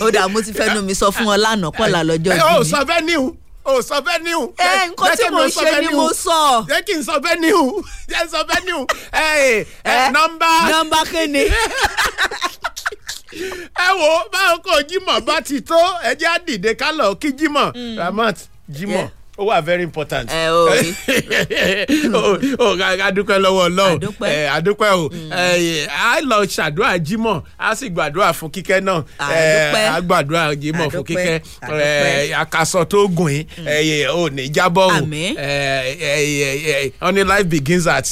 Speaker 5: ó dà mo ti fẹ́ nu mi sọ fún ọ lánàá kọ́lá lọ́jọ́ ìbí ẹ ò
Speaker 3: sọ bẹ́ẹ̀ ni o o sọ venue. Eh, ẹ nǹkan tí mo ṣe ni mo sọ. jẹ́ kí n sọ venue jẹ́ n sọ venue. ẹ ẹ nọmba. nọmba kéne. ẹ wo báwo kò Jímọ̀ bá ti tó ẹ jẹ́ àdìde ká kí Jímọ̀ hmm. Ramat Jímọ̀. Yeah. Oh, are very important. ẹ o rí. o adúpẹ́ lọ́wọ́ ọlọ́run adúpẹ́ adúpẹ́ o mm. a lọ ṣàdúrà jímọ̀ a sì gbàdúrà fún kíkẹ́ náà adúpẹ́ a gbàdúrà jímọ̀ fún kíkẹ́ àkàsọ tó gùn yín mm. ò ní jábọ́ o only life begins at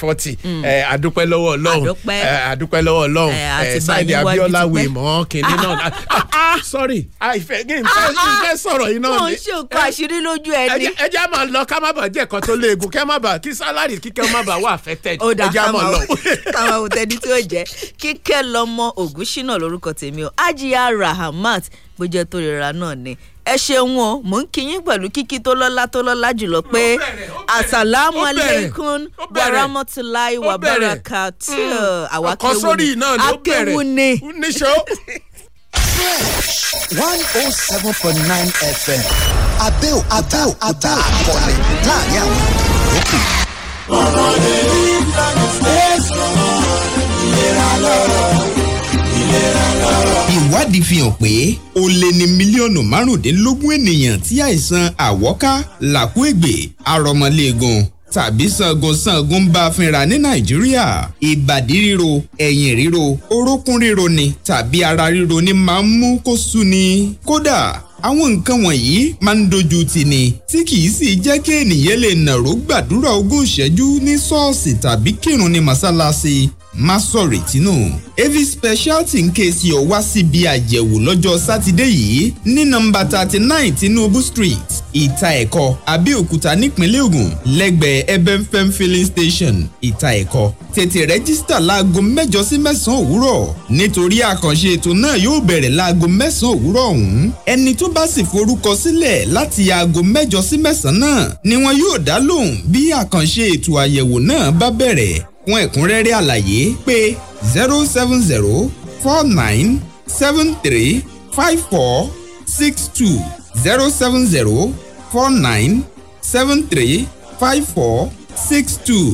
Speaker 3: forty mm. adúpẹ́ lọ́wọ́ ọlọ́run adúpẹ́ lọ́wọ́ ọlọ́run Saheed Abiola wèmọ́ kìnínní náà ah, ah, sorry ìfẹ́ sọ̀rọ̀ yìí náà. mo ń ṣe nǹkan àṣírí lójú ẹ ẹni. ẹ jẹ́ àmọ́ lọ ká má bàa jẹ́ ẹ̀kọ́ tó léegun kẹ́ má bàa kí sálárì kíkẹ́ má bàa wà affected ẹ jẹ́ àmọ́ lọ. káwọn ohun tẹni tí ó jẹ kíkẹ́ lọmọ
Speaker 5: ògúnṣínà lórúkọ tèmi o ajiya rahamat gbẹjọ tó rira náà ni ẹ ṣeun o mò ń kíyín pẹ̀lú kíkí tó lọ́lá tó lọ́lá jùlọ pé asalaamu aleykum waramotulayi wabarakatu mm. àwa ni akéwu ni.
Speaker 9: 107.9 one oh seven point nine fm abẹ́òkúta abẹ́òkúta akọni
Speaker 2: láàrin àwọn ìlókè. ọ̀rọ̀ lè ní ìlànà fẹ́sọ̀ ìlera lọ́rọ̀
Speaker 6: ìlera lọ́rọ̀. ìwádìí fi hàn pé ó lé ní mílíọ̀nù márùndínlógún ènìyàn tí àìsàn àwọ́ká làkúègbè àrọ̀mọ́lẹ́gùn tàbí sangun sangun bá a fínra ní nàìjíríà ìbàdí ríro ẹ̀yìn ríro orókún ríro ni tàbí ara ríro ni máa ń mú kó sú ni kódà àwọn nǹkan wọ̀nyí máa ń dojú tì ní tí kìí sì jẹ́ kí ènìyàn lè nàró gbàdúrà ogún ìṣẹ́jú ní ṣọ́ọ̀ṣì tàbí kírun ní mọ́sálásí má sọ̀rọ̀ ìtinú. avi speciality ń ké sí ọ wá síbi àyẹ̀wò lọ́jọ́ sátidé yìí ní nọ́mbà thirty nine tinubu street ìta ẹ̀kọ́ abẹ́òkúta nípínlẹ̀ ògùn lẹ́gbẹ̀ẹ́ ebenfem filling station ìta ẹ̀kọ́ tètè rẹ́gísítà láago mẹ́jọ sí mẹ́sàn-án òwúrọ̀ nítorí àkànṣe ètò náà yóò bẹ̀rẹ̀ láago mẹ́sàn-án òwúrọ̀ ọ̀hún ẹni tó bá sì forúkọ sílẹ̀ láti aago mẹ́jọ sí mẹ́sàn-án náà ni wọn yóò dá lóhùn bí àkànṣe ètò àyẹ̀wò náà bá bẹ̀rẹ̀ fún ẹ̀kúnrẹ́rẹ́ àlàyé pé zero seven zero four nine seven three five four six two zero seven zero four nine seven three five four six two.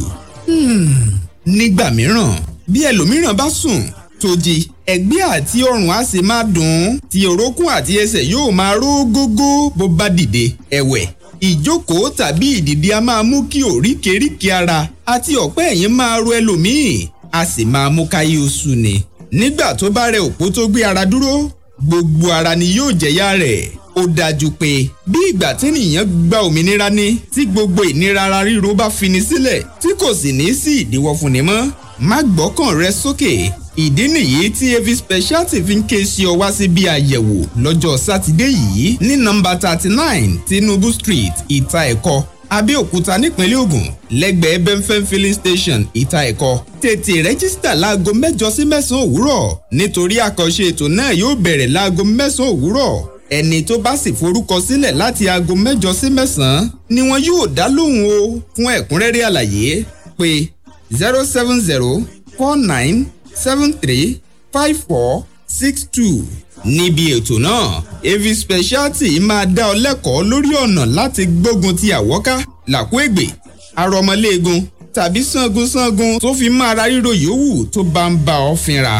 Speaker 6: Hmm, nígbà mìíràn bí ẹlòmíràn bá sùn tó jí ẹ̀gbẹ́ àti ọrùn á sì máa dùn ún tí orókùn àti ẹsẹ̀ yóò máa ró gógó bó bá dìde ẹ̀wẹ̀ ìjókòó tàbí ìdìde a máa mú kí òríkèríkè ara àti ọ̀pẹ́ ẹ̀yìn máa ro ẹlòmíì a sì máa mú káyé oṣù ni. nígbà tó bá rẹ òpó tó gbé ara dúró gbogbo ara ni yóò jẹ̀yà rẹ̀ ó dájú pé bí ìgbà tí nìyẹn gba òmìnira ni tí gbogbo ìnira ara ríro bá fini sílẹ̀ tí kò sì ní sí ìdíwọ́ fúnni mọ́ má gbọ́kàn rẹ sókè ìdí nìyí tí evi speciality fi ń ké sí ọ wá síbi àyẹ̀wò lọ́jọ́ sátidé yìí ní nọ́mbà thirty nine Tinubu Street ìta ẹ̀kọ́ Abẹ́òkúta nípínlẹ̀ Ògùn lẹ́gbẹ̀ẹ́ Benfen filling station ìta ẹ̀kọ́ tètè rẹ́jísítà láago mẹ́jọ sí mẹ́sàn-án òwúrọ̀ nítorí àkànṣe ètò náà yóò bẹ̀rẹ̀ láago mẹ́sàn-án òwúrọ̀ ẹni tó bá sì forúkọ sílẹ̀ láti aago mẹ́jọ sí mẹ́sàn-án ni wọn yóò dá lóhùn o fún ẹ̀kúnrẹ́rẹ́ àlàyé pé zero seven zero four nine seven three five four six two níbi ètò náà avi speciality máa dá ọ lẹ́kọ̀ọ́ lórí ọ̀nà láti gbógun ti àwọ́ká làkúègbè arọmọléegun tàbí sangunsangun tó fi máa ra ríro yòówù tó bá ń bá ọ fínra